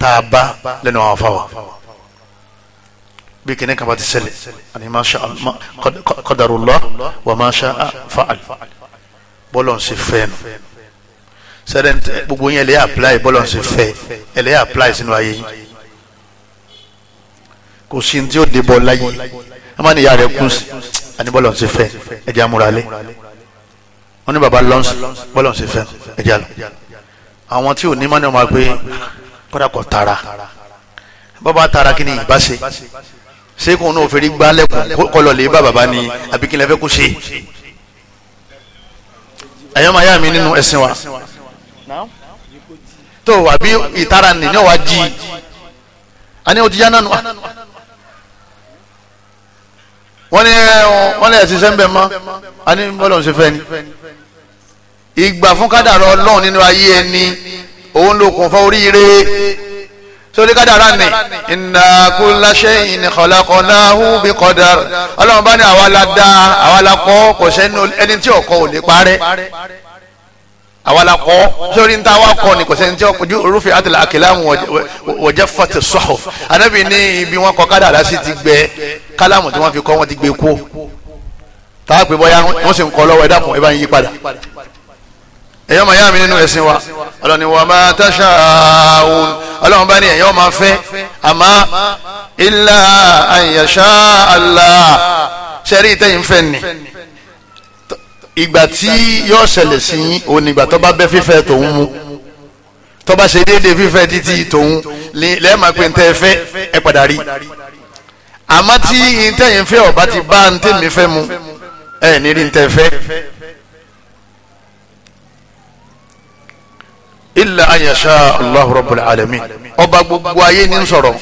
tá a bá lẹ́nu àwọn afáwà bí kìnnì kan bá ti ṣẹlẹ̀ àní masha Allah qadarullah wa masha fa'al bọ́lọ̀ ń ṣe fẹ́ nu sẹ́dẹ̀ gbogbo yẹn lè apply bọ́lọ̀ ń ṣe fẹ́ ẹ lè apply sínú ayé yìí kò sí ní tí ó débọ̀ láyé ẹ má ní ìyá rẹ̀ kún sí àní bọ́lọ̀ ń ṣe fẹ́ baba lọ́nsì bọ́lọ̀ ń ṣe fẹ́ ẹ jẹ́ àlọ́ àwọn tí ò ní mọ́ni ọmọ àgbẹ̀ tara bàbá tara kí ni sekun n'o feere gbalẹ̀kùn kọlọ̀lẹ̀ bá baba ni abikilẹ̀ fẹ́ kó se ẹ̀yọ́ máa yá mi nínú ẹ̀sìn wa tó àbí ìtara nì ní ọ̀wá jí a ní ojú yánà nù wa wọ́n ní wọ́n lè ṣiṣẹ́ ń bẹ̀ mọ́ ń ṣe fẹ́ ni ìgbà fún kádàrọ̀ ọlọ́run nínú ayé ẹni òun ló kún fún oríire sórí kádàrá ni inna kulla shay'in khalaqnahu bi qadar ọlọ́run bá ní àwa la dá àwa la kọ́ kò sẹ́ni ẹni tí ọkọ ò lè parẹ́ àwa la kọ́ sórí níta wa kọ́ ni kò sẹ́ni tí ọkọ ojú rúfin àti àkìlámù wajaffati suhuf anábì ní ibi wọn kọ kádàrá sí ti gbẹ kálámù tí wọn fi kọ́ wọn ti gbé kú tàà pé bọ́yá wọn sì ń kọ́ lọ́wọ́ ẹ̀dá mọ̀ ẹ padà ẹ̀yọ́ máa yá mi nínú ẹ̀sìn wa ọlọ́ni wa máa tàṣà òun ọlọ́run bá ní ẹ̀yọ́ máa fẹ́ àmọ́ ilà àyàṣà àlà ṣẹ́rí ìtẹ́yìn fẹ́ ni ìgbà tí yóò ṣẹlẹ̀ sí yín òun ìgbà tó bá bẹ́ fífẹ́ tòun mu tó bá ṣe déédéé fífẹ́ títí tòun lẹ́ẹ̀ma pé ń tẹ́ fẹ́ ẹ padà rí àmọ́ tí ìtẹ́yìn fẹ́ ọ̀bá ti bá ń tẹ̀mí fẹ́ mu ẹ̀ ní rí ń tẹ́ fẹ́. illa an yasha Allahu rabbul alamin ọba gbogbo ayé ní sọ̀rọ̀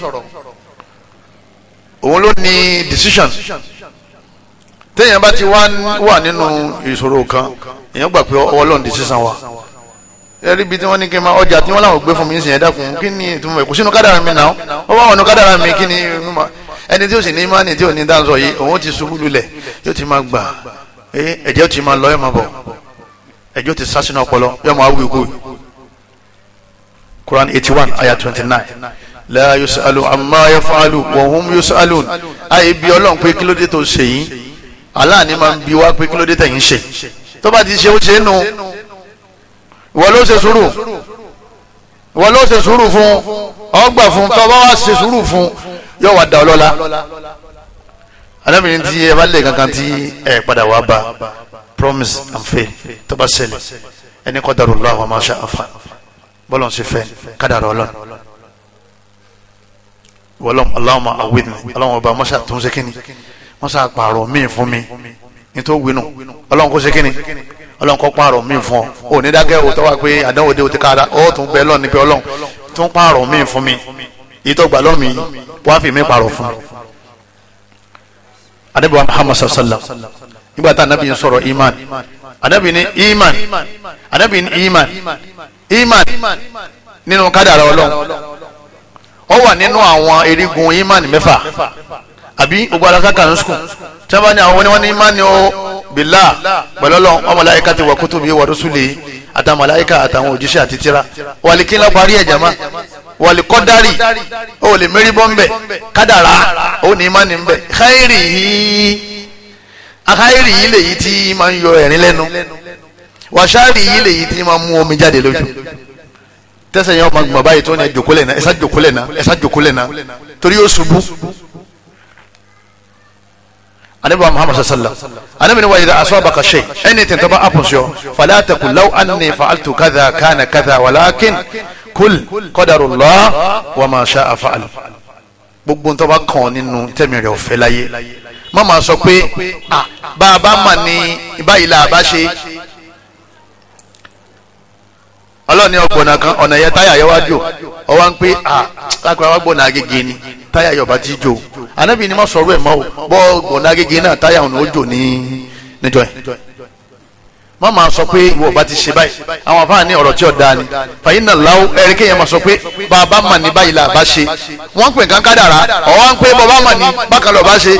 òun ló ní decision téèyàn bá ti wà nínú ìṣòro kan èèyàn gbà pé ọwọ́ lọ́n decision wa ẹrí ibi tí wọ́n ní kí n máa ọjà tí wọ́n láwọn gbé fún mi ń sìn ẹ̀ dákun kí ni ìtumọ̀ ẹ̀kú sínú kádàrà mi náà ó wá wọnú kádàrà mi kí ni ẹni tí ó sì ní imáni tí ò ní dáńsọ yìí òun ti ṣubú lulẹ̀ yóò ti máa gbà ẹ̀jẹ̀ ó ti máa lọ ẹ̀ máa bọ̀ ẹ̀jẹ̀ ó ti sá sínú ọpọlọ yóò máa wí kúrò Quran 81 one ayah twenty nine la yusalu amma yafalu wa hum yusalun ayi bi Ọlọ́run pé kí ló dé tó ṣe yín aláàní máa ń bi wá pé kí ló dé tẹ̀yìn ṣe tó bá ti ṣe ó ṣe é nu ìwọ ló ṣe sùúrù ìwọ ló ṣe sùúrù fún ọgbà fún tó bá wá ṣe sùúrù fún yóò wá da ọ lọ́la alábìrin tí ẹ bá kankan tí ẹ padà wá bá promise and faith tó bá ṣẹlẹ̀ ẹni qadarullahu wa ma sha'a fa bọ́lọ̀n sì fẹ́ kádàrà ọlọ́run wọ́lọ́n aláwọ̀mọ̀ àwìn aláwọ̀ ọba mọ́sá tó ń ṣe kíni mọ́sá pààrọ̀ míì fún mi nítorí wínú ọlọ́run kó ṣe kíni ọlọ́run kó pààrọ̀ míì fún ọ ò ní dákẹ́ òótọ́ wá pé àdánwò dé òtí kára ó tún bẹ́ẹ̀ lọ́ọ̀ níbi ọlọ́run tún pààrọ̀ míì fún mi ìtọ́gbà lọ́mì wá fi mí pààrọ̀ fún mi anabi muhammad sallallahu alaihi wasallam nígbà tá anabi ń sọ̀rọ̀ iman anabi ní iman anabi ní iman iman nínú kádàrà ọlọ́run ọ wà nínú àwọn erigun iman mẹ́fà àbí gbogbo alákàkà ní sùkùn tí wọ́n bá ní àwọn oníwọ́n ní iman ni ó bìlá pẹ̀lú ọlọ́run wa malaikati wa kutubi wa rusuli àtàwọn màláìka àtàwọn òjíṣẹ́ àti tírà wàlíkí ńlá parí wà ó lè mérí bọ́ ó ní wàṣáàrì yìí lèyí tí ma mú omi jáde lójú tẹsẹ̀ yẹn ọmọ gbọ̀n báyìí tó ní ẹjọ́kọ́lẹ̀ náà ẹ̀sà jọ́kọ́lẹ̀ náà ẹ̀sà jọ́kọ́lẹ̀ náà torí yóò ṣubú. anabi wa muhammad sallallahu alaihi sallam anabi ni wa yira aso abaka shay anything tó bá happen sí ọ fala taqul law fa'altu kadha kana kadha walakin kul qadarullah wa ma sha'a fa'al gbogbo tó kàn nínú tẹ̀mí ọ̀fẹ́ láyé má máa sọ pé bá mà ní báyìí là bá ṣe ọlọ́ọ̀ni ọgbọ̀nà kan ọ̀nà yẹn táyà yẹn wá jò ọ wá ń pé à lákùrẹ́ wá gbọ̀nà agége ni táyà yọba ti jò anábì ni mo sọ̀rọ̀ ẹ̀ mọ́ o bọ́ gbọ̀nà agége náà táyà òun ó jò ní níjọ́ yẹn má máa sọ pé ìwọ ọba ti ṣe báyìí àwọn afáà ní ọ̀rọ̀ tí ọ̀ dáa ni fàyín náà láwọ ẹ̀rí kéèyàn máa sọ pé bàbá mà ní báyìí là bá ṣe wọ́n ń pè nǹkan kádàrá ọ̀wá ń pè bàbá mà ní bákan lọ́ọ́ bá ṣe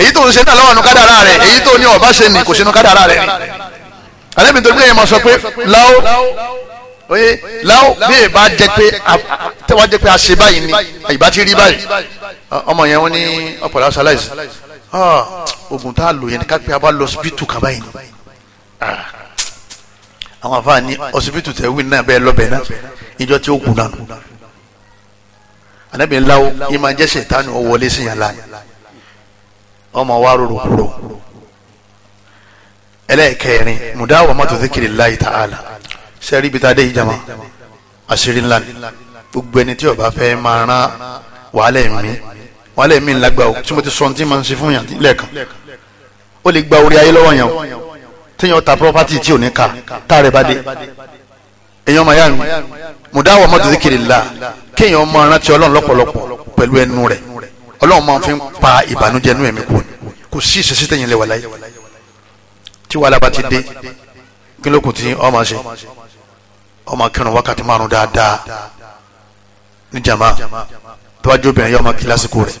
èyí tó ń ṣe náà lọ́wọ́ nu kádàrá rẹ̀ èyí tó ní ọ̀bá ṣe ní kò ṣe nu kádàrá rẹ̀ ni àlẹ́ mi tó gbé yẹn máa sọ pé láwó oye láwó bí ẹ bá jẹ pé tẹwàá jẹ pé a ṣe báyìí ni ìbá ti rí báyìí ọmọ yẹn wọn ní ọpọlọ aṣáláìsì ah, oògùn tá a lò yẹn ni ká pé a bá lọ síbítù kan báyìí ni ah, àwọn afa ni ọsibítù tẹ wí náà bẹ́ẹ̀ lọ́bẹ̀ẹ́ náà ìjọ tí ó kù náà anabi ńláwo yìí máa jẹ́ sèta ni ó wa rorò kúrò ẹlẹ́ẹ̀kẹrin mudawamatu zikirillahi ta'ala sẹ́rí ibi tá a dé yìí jama àṣírí ńlá ni gbogbo ẹni tí ó bá fẹ́ máa rán wàhálà ẹ̀mí wàhálà ẹ̀mí ńlágbà o tí mo ti sọ ohun tí mo ń ṣe fún yàn lẹ́ẹ̀kan ó lè gba orí ayé lọ́wọ́ yàn o téèyàn ta property tí ò ní ka tá rẹ̀ bá dé èèyàn máa yá mi mudawamatu zikirillahi kéèyàn máa rántí ọlọ́run lọ́pọ̀lọpọ̀ pẹ̀lú ẹnu rẹ̀ ọlọ́run máa fi pa ìbànújẹ́ nú ẹ̀mí kù kò sí ìṣesí tẹ̀yìn lẹ́wà láyé tí wàhálà bá ti dé kí ló kù tí ọmọ ṣe ọmọ kírun wákàtí márùn dáadáa ní jàmá tó bá jóbìnrin yọ ọmọ kí lásìkò rẹ̀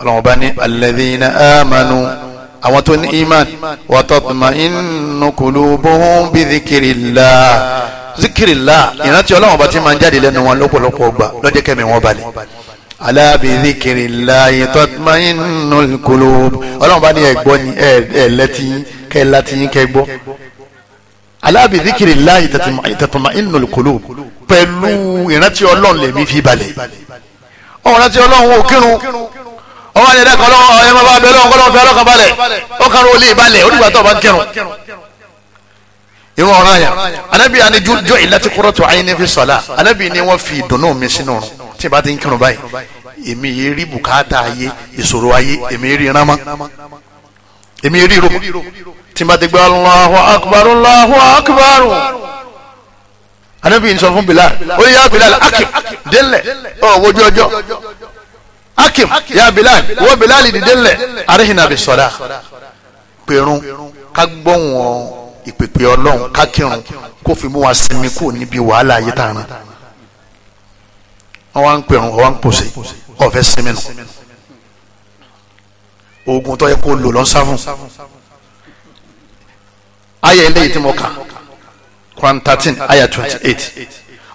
ọlọ́run bá ní alladhina amanu àwọn tó ní iman wa tatma'innu qulubuhum bi dhikrillah dhikrillah ìrántí ọlọ́run bá ti máa ń jáde lẹ́nu wọn lọ́pọ̀lọpọ̀ ọgbà lọ́jọ́ wọn balẹ̀ ala bi dhikrillahi tatma'innul qulub ọlọ́run bá ní ẹ̀gbọ́ ni ẹ̀ lẹ́tí kẹ́ láti kẹ́ gbọ́ ala bi dhikrillahi tatma'innul qulub pẹ̀lú ìrántí ọlọ́run lèmi fi balẹ̀ ọ̀hún rántí ọlọ́run ò kírun ọ̀hún ẹ̀dá kan ọlọ́run ọ̀yẹ́mọ́ bá bẹ̀rẹ̀ ọ̀hún kọ́lọ́run fi ọlọ́kan balẹ̀ ọ̀kan ló lè balẹ̀ onígbà tó bá ń kírun ìwọ ọ̀ràn yẹn anabi ani jọ ìlàtí kúrọ́tù ayíní fi sọ̀la anabi ni wọ́n fi ìdùnnú mi sínú ọ̀run tí ìbá ti ń kírun báyìí èmi yìí rí bùkátà ayé ìṣòro ayé èmi rí ránmọ́ èmi rí ro tí ìbá ti gbé Allahu akbar Allahu akbar anabi sọ fún Bilal ó yá Bilal akim délẹ̀ ọ̀ wojú ọjọ́ akim yá Bilal wọ́ Bilal dìde lẹ̀ sọ̀la pẹ̀rún ká wọn ìpèpè ọlọ́run kákírun kó fi mú wa sinmi kó níbi wàhálà ayé tá a ràn wọn wá ń pèrún wọn wá ń pòsè ọ̀fẹ́ sinmi nù oògùn tó yẹ kó lò lọ́nsáfún ayé eléyìí tí mo kà Quran thirteen ayé twenty eight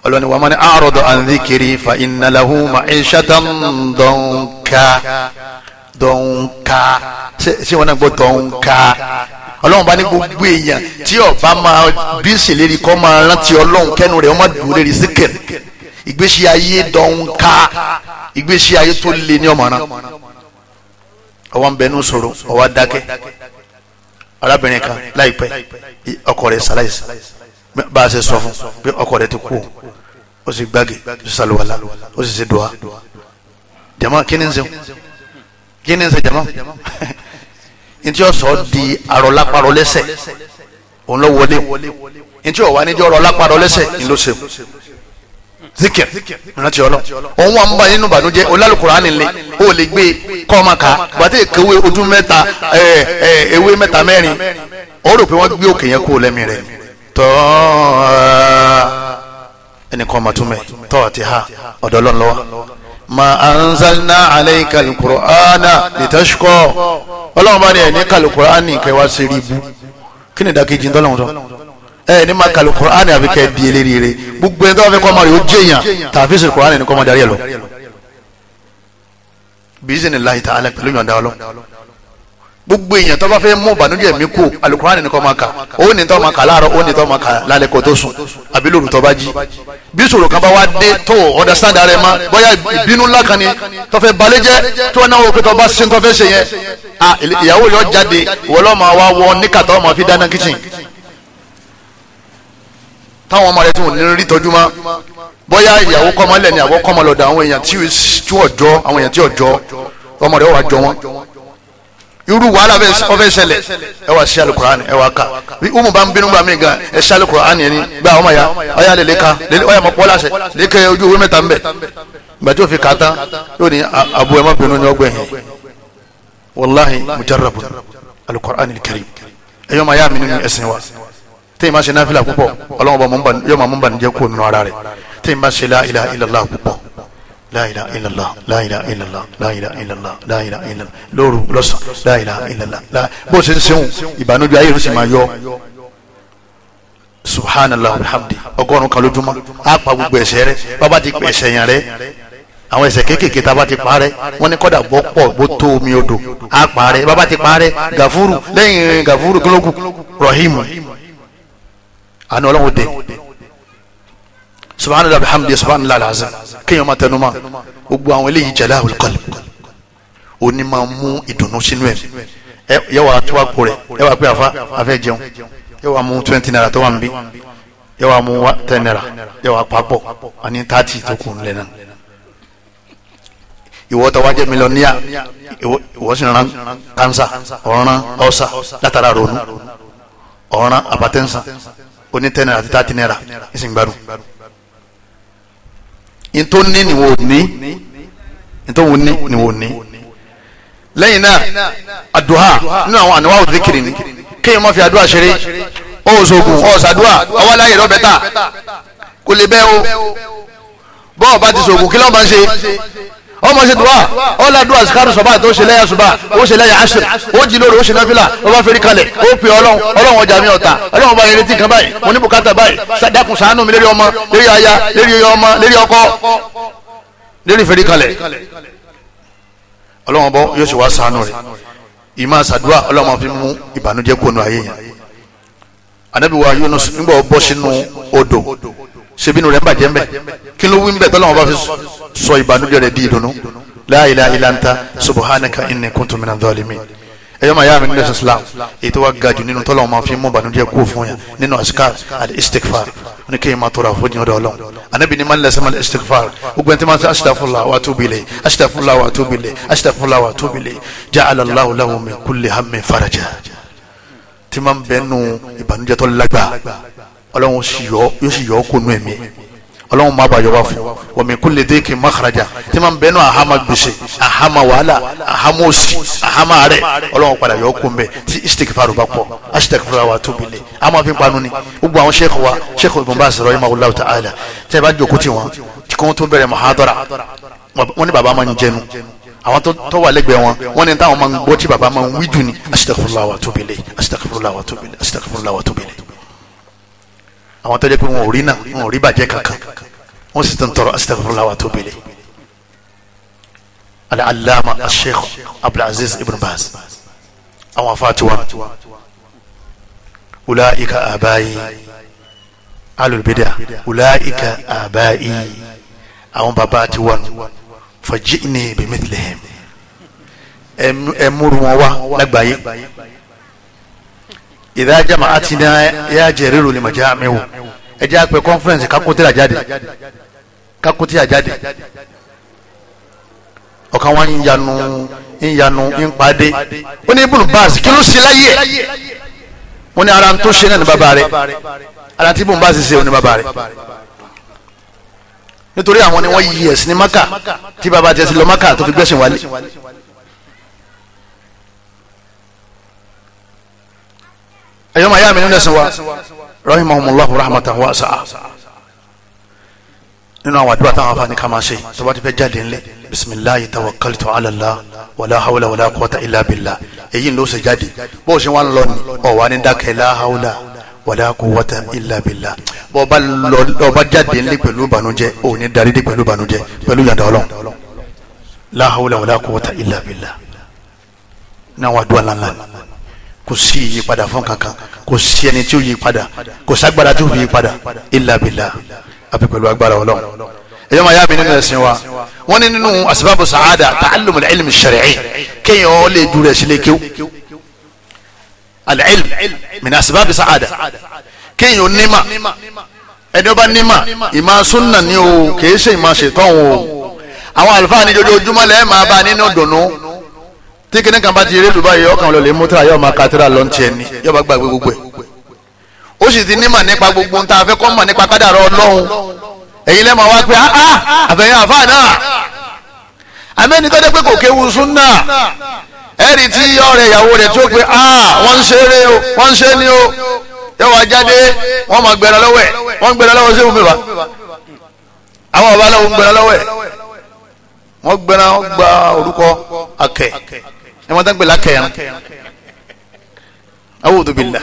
ọlọ́ni wa mani a'rada an dhikri fa inna lahu ma'ishatan dọ̀nka dọ̀nka ṣé wọn náà gbọ́ dọ̀nka ọlọ́run bá ní gbogbo èèyàn tí ọba máa bí ìṣèlérí kọ́ máa rántí ọlọ́run kẹ́nu rẹ̀ wọ́n máa dùn lérí síkẹ̀ ìgbésí ayé dọ̀nka ìgbésí ayé tó le ní ọmọ náà ọwọ́ ń bẹnu sọ̀rọ̀ ọwọ́ dákẹ́ arábìnrin kan láìpẹ́ ọkọ rẹ̀ ṣaláìsí bá a ṣe sọ fún pé ọkọ rẹ̀ ti kú ó sì gbági ó sì ṣàlùwàlà ó sì ṣe dùwà jama kí ni ń ṣe kí ni ń ṣe jama ntí ọ̀sọ́ di arọ̀lápàrọ̀ lẹ́sẹ̀ òun lọ wọlé ntí ọ̀wá níjọ́ arọ̀lápàrọ̀ lẹ́sẹ̀ ńlọ sẹ́wọ̀n zikir ìrántí ọlọ òun wa ń bá nínú ìbànújẹ́ olálùkùrá nílé ó lè gbé kọ́ ọmọ ká gbàtẹ́ ìkéwé ojú mẹ́ta ewé mẹ́ta mẹ́rin ó rò pé wọ́n gbé òkè yẹn kú lẹ́mí rẹ̀ tọ́ ẹnìkan ọmọ túmẹ̀ tọ́ àti ha ọ̀dọ́ ọlọ́run lọ́wọ́ ma anzalna alayka alqur'ana litashqa ọlọ́run bá ní ẹ̀ ní kàlùkùránì kẹwàá sí rí ibú kí ni ìdákejì tọ́lọ́run sọ ẹ̀ ní ma kàlùkùránì àfi kẹ́ di eléré rẹ gbogbo ẹni tó fẹ́ kọ́ ọmọ rẹ ó jẹyàn tààfin sí kùránì ní kọ́ ọmọ darí ẹ lọ bí ìsìn ní láyìí tààlà pẹ̀lú ìyọ̀ǹda gbogbo èèyàn tó bá fẹ́ mú ìbànújẹ́ mi kú alukurani nìkan máa kà ó ní tó máa kà láàárọ̀ ó ní tó máa kà lálẹ́ kó tó sùn àbí lóru tó bá jí bí sòrò kan bá wá dé tó understand rẹ ma bóyá ìbínú ńlá kan ni tó fẹ́ balẹ̀ jẹ́ tó náà wò pé tó bá sin tó fẹ́ ṣe yẹn ìyàwó yọ jáde ìwọ lọ́ọ́ máa wọ níkà tó máa fi dáná kitchen táwọn ọmọ rẹ tó ní rí tọ́jú ma bóyá ìyàwó kọ́mọlẹ̀ irú wàhálà ọfẹ ṣẹlẹ̀ ẹ wà sí alukur'an ẹ wà ká bí umu bá ń bínú bá mi gan ẹ sí alukur'an yẹn ni gba ọmọ ya ọyà lè lè ka ọyà mọ pọ́ láṣẹ lè kẹ ojú owó mẹ́ta ń gbàtí òfin kà yóò ní abu ẹ̀mọ́ bínú ní ọgbẹ́ yẹn wàláhi mujarrabu alukur'an al-karim ẹ̀yọ́ máa yá mi nínú ẹ̀sìn wa tẹ́yìn máa ṣe náfìlà púpọ̀ ọlọ́wọ́ bá yọ máa mú bànújẹ́ kó nínú ara rẹ̀ tẹ́yìn máa ṣe la púpọ̀ la ilaha illallah la ilaha illallah la ilaha illallah la ilaha illallah lóru lọ́sàn la ilaha illallah bó ṣe ń sẹ́wọ̀n ìbànújẹ́ ayé ló sì máa yọ subhanallah alhamdi ọgọ́rùn kan lójúmọ́ a pa gbogbo ẹ̀ṣẹ̀ rẹ bàbá ti pa ẹ̀ṣẹ̀ yẹn rẹ àwọn ẹ̀ṣẹ̀ kéékèèké tá a bá ti parẹ́ wọ́n ní kódà bọ pọ bó subhanallah alhamdulilayi subhanallah alhazim kéèyàn máa tẹnu ma gbogbo àwọn eléyìí jẹlẹ àwọn kọlẹ òní máa mú ìdùnnú sínú ẹ yẹ wàá tó àpò rẹ yẹ wàá pé àfa àfẹ jẹun yẹ wàá mú twenty naira tó wà ń bí yẹ wàá mú ten naira yẹ wàá papọ̀ àní thirty tó kù nílẹ̀ náà ìwọ tó wájẹ mílíọ̀nìyà ìwọ sì ràn kánsà ọ̀ràn ọ̀sà látara ronú ọ̀ràn àbátẹ́nsà oní ten naira àti thirty naira ìsìn gbádùn in tó ní ni wò ní in tó wò ní ni wò ní lẹ́yìn náà àdúhà nínú àwọn àníwá òdìkiri ni kéèyàn má fi àdúhà ṣeré ó ṣoògùn ó ṣàdúhà ọwọ́ láyè rọ́bẹ̀ tà kò lè bẹ́ o bọ́ọ̀ bá ti ṣoògùn kí ló máa ń ṣe ọmọ ṣe tó wà ọ̀làdúrà sikaru soba tó ṣe lẹ́yà sọ̀bà ó ṣe lẹ́yà asiri ó jí lóru o ṣe náfìlà ó bá fẹ́rí kalẹ̀ ó pè ọlọ́run ọlọ́run ọjà mi ọ̀tà ọlọ́run bá yẹrẹ tí nǹkan báyìí mo ní bùkátà báyìí dákun ṣàánú mi lérí ọmọ lérí aya lérí ọmọ lérí ọkọ lérí fẹ́rí kalẹ̀ ọlọ́run bọ́ yóò ṣe wá ṣàánú rẹ̀ ìmọ̀ àṣàdúrà ọlọ́run fi mú ìbànújẹ́ kónú ayé yẹn anabi wa Yunus nígbà ó bọ́ sínú odò ṣebí inú rẹ̀ ń bàjẹ́ ń bẹ̀ kí ló fi sùn sọ ìbànújẹ́ rẹ̀ di ìdùnnú la ilaha illa anta subhanaka inni kuntu minadh dhalimin ẹ̀yọ́ màá yá mi nílẹ̀ islam ètò wa gajù nínú tọ́lọ̀ máa fi mú ìbànújẹ́ kú fún yà nínú askar àti istighfar ní kí n máa tọrọ àfojú ọ̀dọ̀ ọlọ́run anabi ni máa ń lẹ̀ sẹ́mọ̀lẹ̀ istighfar gbogbo ẹni tí máa ń sẹ́ astaghfirullah wa atubu ilayhi astaghfirullah wa atubu ilayhi lahu min kulli hammin faraja tí máa ń bẹ́ẹ̀ nù ìbànújẹ́ tó lágbà ọlọ́run yóò sì yọ ọ́ kó ọlọ́run máa bàjọ́ wá fún wa min kulli dhiqin makhraja tí máa ń bẹ́ẹ̀ náà àhámà gbèsè àhámà wàhálà àhámà òsì àhámà rẹ̀ ọlọ́run padà yọ ọkùn bẹ́ẹ̀ tí istighfar bá pọ̀ astaghfirullah wa atubu ilayh a máa fi ń panu ni gbogbo àwọn sheikh wa sheikh ibn Baz rahimahullahu ta'ala tẹ́ ẹ bá jókòó tì wọ́n kí wọ́n tó bẹ̀rẹ̀ muhadara wọ́n ní bàbá máa ń jẹnu àwọn tó wà lẹ́gbẹ̀ẹ́ wọn wọ́n ní táwọn máa ń gbọ́ tí bàbá máa ń wí dùn ní astaghfirullah wa atubu ilayh astaghfirullah wa atubu ilayh astaghfirullah wa atubu ilayh àwọn tó jẹ́ pé wọn ò rí náà wọn ò rí bàjẹ́ kankan wọ́n sì tún tọrọ astaghfirullah wa tóbi lé al-allama al-sheikh abdulaziz ibn baz àwọn afáàtiwa ulaika abayi alulbida ulaika abayi àwọn bàbá ti wà nù fajini bimithlihim ẹmúru wọn wá lágbàáyé ìdá jama ati na ya jẹ̀rí rò lè mà já mi wò ẹ jẹ́ àpẹ conference kakotira jáde kakotira jáde ọ̀kan wọn ń yanu ń yanu ń pàdé ó ní ibùdó báàsì kí ló ṣe láyé wọn ní ara tó ṣe náà ní bàbá rẹ ara tí ibùdó báàsì ṣe ní bàbá rẹ nítorí àwọn ni wọ́n yí ẹ̀sìn ní maka tí bàbá tiẹ̀ lọ maka tó fi gbẹ̀sìn wálé. ẹ̀yọ́ máa yá mi nínú ẹ̀sìn wa rahimahumullahu rahmatan wasi'a nínú àwọn àdúrà táwọn afáàní ká máa ṣe tó bá ti fẹ́ jáde ńlẹ̀ bisimilayi tawakkaltu ala Allah wàlá hawla wàlá quwwata illa billah èyí ló ṣe jáde bó o ṣe wá ń lọ ni ọ wà ní dákẹ́ la hawla wàlá quwwata illa billah bó o bá jáde ńlẹ̀ pẹ̀lú ìbànújẹ́ ò ní darí dé pẹ̀lú ìbànújẹ́ pẹ̀lú yàtọ̀ ọlọ́run la hawla wàlá quwwata illa billah náà wà dùn àlànà kò sí ìyípadà fún kankan kò sí ẹni tí ó yípadà kò ságbára tó fi yípadà illa billah àfi pẹ̀lú agbára ọlọ́run ẹ̀yọ́ máa yá mi nínú ẹ̀sìn wa wọ́n ní nínú asbabu sa'ada ta'allum al-ilm al-shar'i kéèyàn ó lè ju rẹ̀ sílé kéw al-ilm min asbabu sa'ada kéèyàn nímà ẹni ó bá nímà sunna ni o kìí ṣe ìmà o àwọn àlùfáà ní jojoojúmọ́ lẹ́ẹ̀ máa bá nínú dùnú tí kíní kan bá ti rí lùbá yìí ọkàn lọlẹ mú tíra yóò máa ka tíra lọ́n ni yóò bá gbàgbé gbogbo ẹ̀ ó sì ti nímọ̀ nípa gbogbo ń ta afẹ́ kọ́ mọ̀ nípa kádàrá ọlọ́run ẹ̀yin lẹ́mọ̀ wá pé áá ah, ah, àfẹ̀yìn àfa náà amẹ́ni tó dé pé kò kéwu súnà ẹ̀rì tí ọ̀rẹ́ ìyàwó rẹ̀ tó pé áá ah, wọ́n ń ṣe eré o wọ́n ń ṣe ni o yóò wá jáde wọ́n máa gbẹ̀rẹ̀ lọ́wọ́ ẹ̀ wọ́n gbẹ̀rẹ̀ lọ́wọ́ sí òfin wa àwọn ọba lọ́wọ́ gbẹ̀rẹ̀ lọ́wọ́ ẹ̀ wọ́n gbẹ̀rẹ̀ wọ́n gba orúkọ akẹ́ ẹ wọn tán pè lákẹyàn awúdù bìlà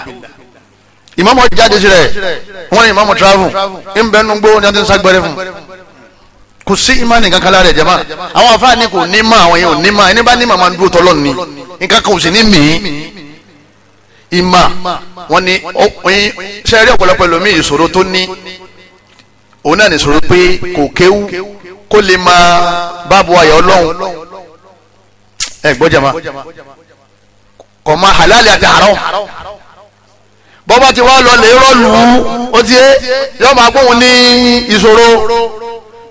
ìmọ̀mọ̀ jáde sí rẹ̀ wọ́n ní ìmọ̀mọ̀ travel ń bẹ nu gbó ní ọdún sagbẹ́rẹ́ fún kò sí ìmánì kankan lára ẹ̀ jẹ́ máa àwọn afáà ní kò ní mọ̀ àwọn yẹn ò ní mọ̀ ẹni bá ní mọ̀ dúró tọ́lọ́ ni nǹkan kan ò sì ní mìí ìmà wọn ni oyin ṣe rí ọ̀pọ̀lọpọ̀ ẹlòmí ìṣòro tó ní òun náà nìṣòro pé kò kéwú kó lè máa báàbò ayọ̀ ọlọ́run ẹ gbọ́ jama kò mọ halali àti haram bọ́bá ti wá lọ lè rọ́ọ̀lù ó ti yé yọ máa gbóhùn ní ìṣòro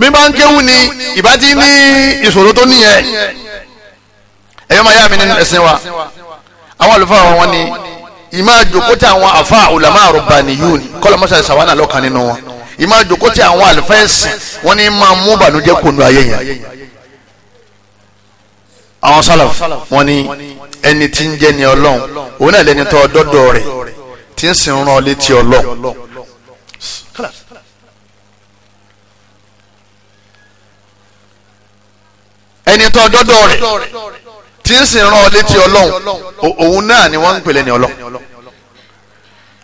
mi máa ń kéhùn ní ìbá ti ní ìṣòro tó nìyẹn ẹ̀yọ́ máa yá mi nínú ẹ̀sìn wa àwọn àlùfáà wọn ni ìmá jòkó tí àwọn àfa ulama rabbaniyun kọ́lọ́mọ́sá ìsàwánà lọ́kàn nínú wọn ìmá jòkó tí àwọn àlùfáà ẹ̀sìn wọn ni máa mú bànújẹ́ kùnú ayé yẹn àwọn salaf wọn ni ẹni tí ń jẹ́ ni ọlọ́run òun náà lẹni tó ọdọ́dọ̀ rẹ̀ tí ń sìn rán létí ọlọ́run. ẹni tó ọdọ́dọ̀ rẹ̀ tí ń sìn rán létí ọlọ́run òun náà ni wọ́n ń pèlè ní ọlọ́run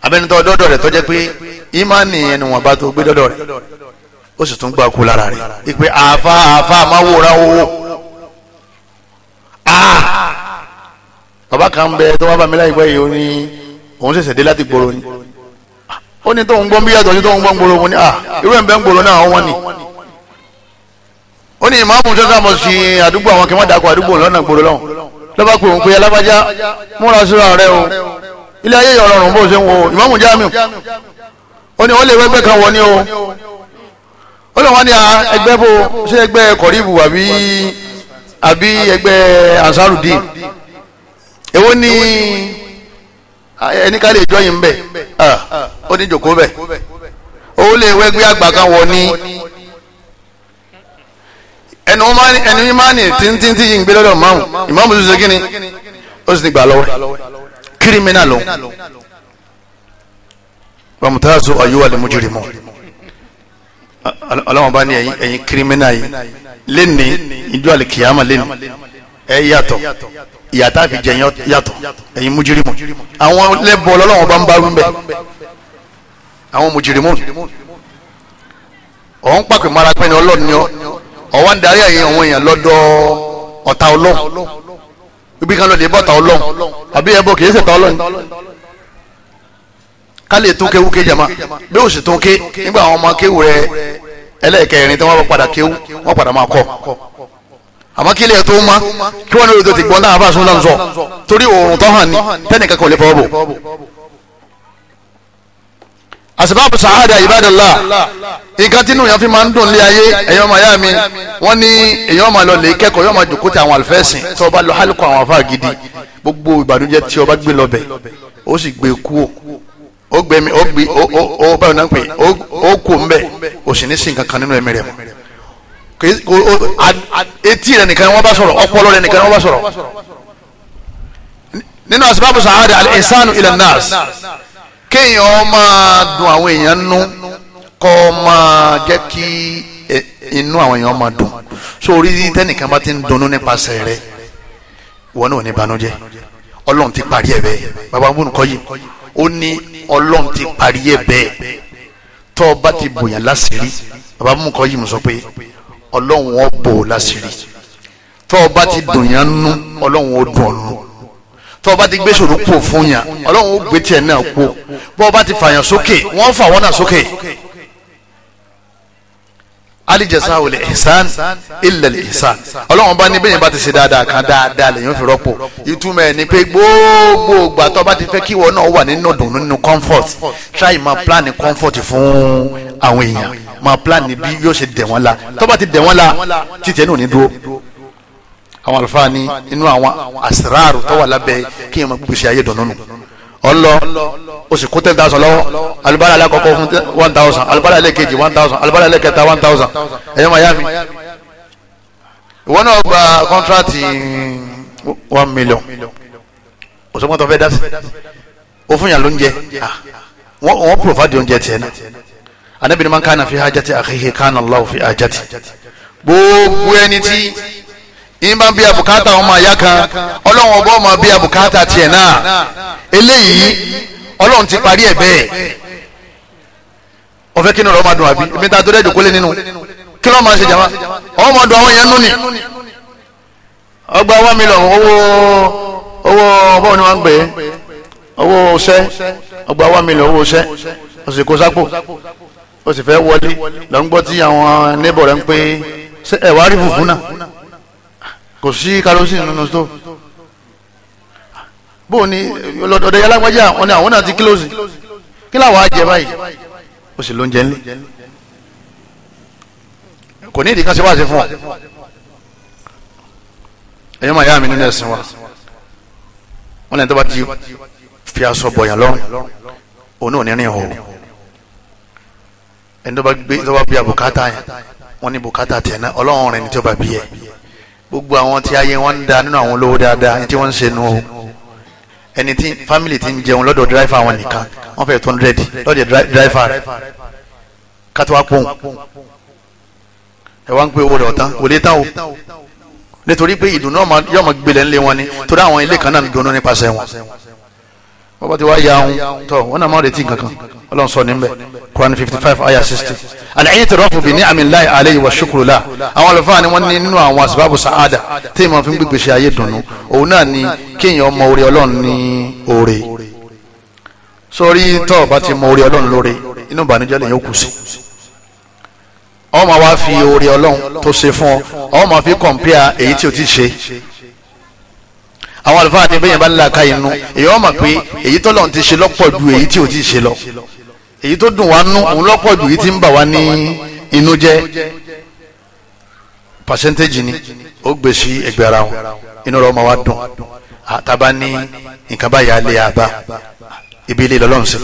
abẹni tó ọdọ́dọ̀ rẹ̀ tó jẹ́ pé ìmánì ẹni wọn bá tó gbé dọ́dọ̀ rẹ̀ ó sì tún gbà kú lára rẹ̀ ìpè àfa àfa máa wòra owó. Ah! bàbá kan bẹ tó wá bá mi yìí ó ní òun dé láti ni ó ní tóun gbọ́n bí ní tóun gbọ́n gbòòrò ni à ah, irú ẹ̀ ń bẹ́ ń gbòòrò náà ni ó ní ìmáàmù sọ́sà mọ̀ sí àdúgbò àwọn dàkọ̀ àdúgbò lọ́nà gbòòrò lọ́ba pé òun pé alábàjá múra rẹ o ilé ayé yọ̀rọ̀ rùn bó ṣe ń wo ìmáàmù Jamiu ó ó ní o lè wọ́n ah, ẹgbẹ́ àbí ẹgbẹ́ ansarudin ewe ni ẹni ká lè jọyìn ń ah, bẹ̀ ó ní jòkó bẹ, ó lè wẹ́gbẹ́ àgbà kan wọ ní ẹnu ìmánì tíntín yìí ń gbé lọ́dọ̀ máàmù ìmáàmù tó kí ni ó sì ti gbà lọ́wọ́ kírímínà lọ bàmùtàzù ayúwà lè mójú rí mọ́ ọlọ́wọ́n bá ní ẹ̀yìn kírímínà lẹ́ni ìjọ àlìkìyàmà lẹ́ni ẹ yàtọ̀ ìyàtọ̀ àfi jẹ yàtọ̀ ẹ̀yin mujirimu àwọn lẹ́bọ̀ ọlọ́wọ́n bá ń bá wí bẹ́ àwọn mujirimu ọ̀hún pàpẹ́ mara pẹ́ni ọlọ́ọ̀ni ọ ọ̀wá ń darí àyè àwọn èèyàn lọ́dọ̀ ọ̀tá ọlọ́ọ̀ ibi kan lọ́dẹ̀ bọ́ta ọlọ́ọ̀ àbí ẹbọ kìí ṣètọ́ ọlọ́ọ̀ni ká lè tún kéwú ké jama bí ó sì tún ké nígbà àwọn ọmọ kéwú rẹ ẹlẹ́ẹ̀kẹrin tí wọ́n padà kéwú wọ́n padà máa kọ́ àmọ́ kí ilé ẹ̀ tó ń ma kí wọ́n ní olùdó ti gbọ́n náà fàṣún náà sọ torí oòrùn tó hàn ní tẹ́nìkan kò lè fọwọ́ bò. àsìbáàbù sàádà ìbádàlá nǹkan tínú èèyàn fi máa ń dùn lé ayé èèyàn ọmọ ìyá mi wọ́n ní èèyàn máa lọ lè kẹ́kọ̀ọ́ yóò máa jòkó ti àwọn àlùfẹ́sìn tó o bá lọ hálùkọ àwọn àfáà gidi gbogbo ìbànújẹ́ tí o bá gbé lọ bẹ̀ ó sì gbé kú o ó gbé mi ó gbi ó báwo náà pè ó kò ń bẹ ó sì ní sin kankan nínú ẹ̀mí rẹ̀ mọ́ etí rẹ̀ nìkan wọ́n bá sọ̀rọ̀ ọpọlọ rẹ̀ nìkan wọ́n bá sọ̀rọ̀ nínú asbabu sa'ada al-ihsanu ila nas kéèyàn máa dùn àwọn èèyàn nú kọ́ máa jẹ́ kí e, inú àwọn èèyàn máa dùn sórí tẹ́nìkan bá ti ń dunnú nípasẹ̀ rẹ̀ wọn ò ní banújẹ́ ọlọ́run ti parí ẹ̀ bẹ́ẹ̀ baba múnú kọ́ yìí ó ní ọlọ́run ti parí ẹ̀ bẹ́ẹ̀ tọ́ ọ bá ti bòyàn láṣìírí bàbá mú kọ́ yìí mo sọ pé ọlọ́run ó bò ó láṣìírí tọ́ ọ bá ti dùnyàn nú ọlọ́run ó dùn ọ̀nù tọ́ ọ bá ti gbé ṣòro pò fún yàn ọlọ́run ó gbé tiẹ̀ náà pò bọ́ ọ bá ti fàyàn sókè wọ́n fà wọ́n náà sókè alijasa wòle ihsan illa ihsan ọlọ́run bá ní bẹ́yìn bá ti ṣe dáadáa kan dáadáa lèyìn fi rọ́pò ìtumọ̀ ẹ̀ ni pé gbogbo ìgbà tó bá ti fẹ́ kí ìwọ náà wà nínú dùnú nínú comfort try máa plan comfort fún àwọn èèyàn máa plan bí yóò ṣe dẹ̀ wọ́n la tó bá ti dẹ̀ wọ́n la títẹ̀ nù ní dúró àwọn àlùfáà inú àwọn àsìráàrù tó wà lábẹ́ kí èèyàn máa gbèsè ayé dùnú nù ọlọ o sì kó ten thousand lọ́wọ́ alibara alẹ kọ́kọ́ fún one thousand alibara alẹ one thousand alibara alẹ one thousand ẹyẹ maya mi ìwọ náà gba kọntrati one million òṣùpọ̀ tó fẹ́ dá sí o fún yàn lóúnjẹ ah, wọ́n pòròfàdì oúnjẹ tiẹ̀ náà anabini man kana fi hajati akhihi kana Allah fi hajati gbogbo ẹni tí yín ń bí abùkátà ọmọ àyá kan ọlọ́run ọba ọmọ bí abùkátà tiẹ̀ náà eléyìí ọlọ́run ti parí ẹ̀ bẹ́ẹ̀ ọ̀fẹ́ kí ni ọ̀rọ̀ máa àbí ibi a tó dẹ́ nínú kí ló máa ṣe jàmá ọmọ àwọn yẹn nú ni ọgbà owó owó ni gbé owó ọgbà owó kó kò sí kerosene nínú stove bó o ní ọ̀dọ̀ yàlágbájá wọn ni àwọn náà ti kílòsì kí làwọn á jẹ báyìí ó sì ló ń jẹ ńlẹ̀ kò ní ìdí kan ṣe wá ṣe fún ọ ẹ̀yọ́ màá yá mi nínú ẹ̀sìn wa wọn lẹ́yìn tó bá ti fi aṣọ bọ̀yàn lọ́rùn òun náà ní rìn hàn ẹni tó bá gbé tó bá bí abùkátà yẹn wọn ní bùkátà tiẹ̀ náà ọlọ́run rẹ̀ ni tó bá bí yẹ gbogbo àwọn tí ayé wọn ń da nínú àwọn olówó dáadáa ní tí wọ́n ń ṣe nu o ẹni tí family ti ń jẹun lọ́dọ̀ driver wọn nìkan wọ́n fẹ́ two hundred lọ́dọ̀ dráìfà rẹ̀ kátó wá pòun ẹ wá ń pé owó rẹ̀ ọ̀tán kò lè tán o nítorí pé ìdùnnú yóò máa gbélé ńlé wọn ni torí àwọn ilé kan náà ń dunnú nípasẹ̀ wọn bọ́bá ti wá ya ohun tọ̀ wọ́n náà má retí nǹkan kan ọlọ́run sọ níbẹ̀. Quran 55 five ayah sixty al-i'tirafu bi ni'amillahi alayhi wa shukru lah àwọn àlùfáà ni wọ́n ní nínú àwọn asbabu sa'ada tí mo fi ń gbégbé ṣe ayé dùnú òun náà ni kéèyàn mọ orí ọlọ́run ní oore sórí tó bá ti mọ orí ọlọ́run lóore inú ìbànújẹ́ lèyìn ó kù sí ó máa fi oore ọlọ́run tó ṣe fún ọ ó fi kọ̀ǹpìà èyí tí o ti ṣe àwọn àlùfáà ni bẹ́yẹn bá ń la ka inú èyí ó pé èyí tọ́lọ́run ti ṣe lọ́pọ̀ ju èyí tí o ti ṣe lọ èyí tó dùn wá nú òun lọ́pọ̀ jù yìí ti ń bà wá ní inú jẹ́ pàṣẹ́ntéjì ni ó gbé sí ẹgbẹ́ ara wọn inú rẹ̀ ọmọ wa dùn àtàbá ní nǹkan báyà alẹ́ àbá ibi ilé lọ́lọ́run sí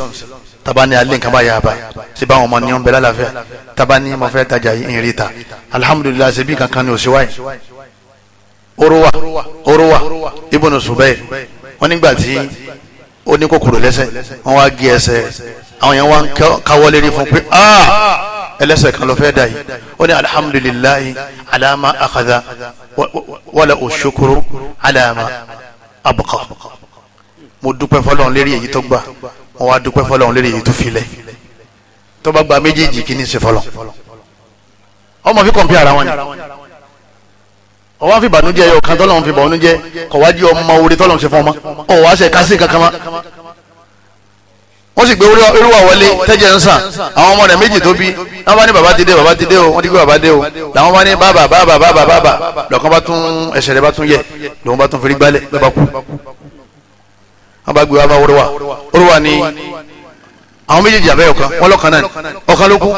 tàbá ní alẹ́ nǹkan báyà àbá sí báwọn ọmọ ní ọ̀n bẹ́ẹ̀ lálàáfíà tàbá ní mo fẹ́ tajà yìí ìrìn ta alihamudulilayi ṣe bí kankan ní òṣìwáyé orowa orowa ibùnú sùbẹ́ẹ̀ wọ́n nígbà tí ó ní kòkòrò lẹ́sẹ̀ wọ́n wá gé ẹsẹ̀ àwọn yẹn wá ń káwọ́lé ní fún pé ah, ẹlẹ́sẹ̀ kan ló fẹ́ dà yìí ó ní alhamdulilayi alama akada wala oṣokoro alama abuka mo dúpẹ́ fọlọ́run lérí èyí tó gbà mo wá dúpẹ́ fọlọ́run lérí èyí tó filẹ̀ tó bá gba méjèèjì kí ni ṣe fọlọ́ ọmọ fi kọ̀ǹpì ara wọn ni ọwọ́n fi bànújẹ́ yọ tọ́lọ́run fi bànújẹ́ kọ̀wájú ọmọ orí tọ́lọ́run ṣe fún ọmọ ọwọ́ àṣẹ kásìn kankan wọ́n sì gbé irúwà wọlé tẹ́jẹ̀ ń sàn àwọn ọmọ rẹ̀ méjì tó bí wọ́n bá ní bàbá ti dé bàbá ti dé o wọ́n ti gbé bàbá dé o làwọn bá ní bàbá bàbá bàbá bàbá lọ́kàn bá tún ẹsẹ̀ rẹ̀ bá tún yẹ lòun bá tún feri gbálẹ̀ lọ́ba kú wọ́n bá gbé wa bá wọ́rọ́wà wọ́rọ́wà ni àwọn méjèèjì àbẹ́ ọ̀kan wọ́n lọ́kàn náà ọ̀kan ló kú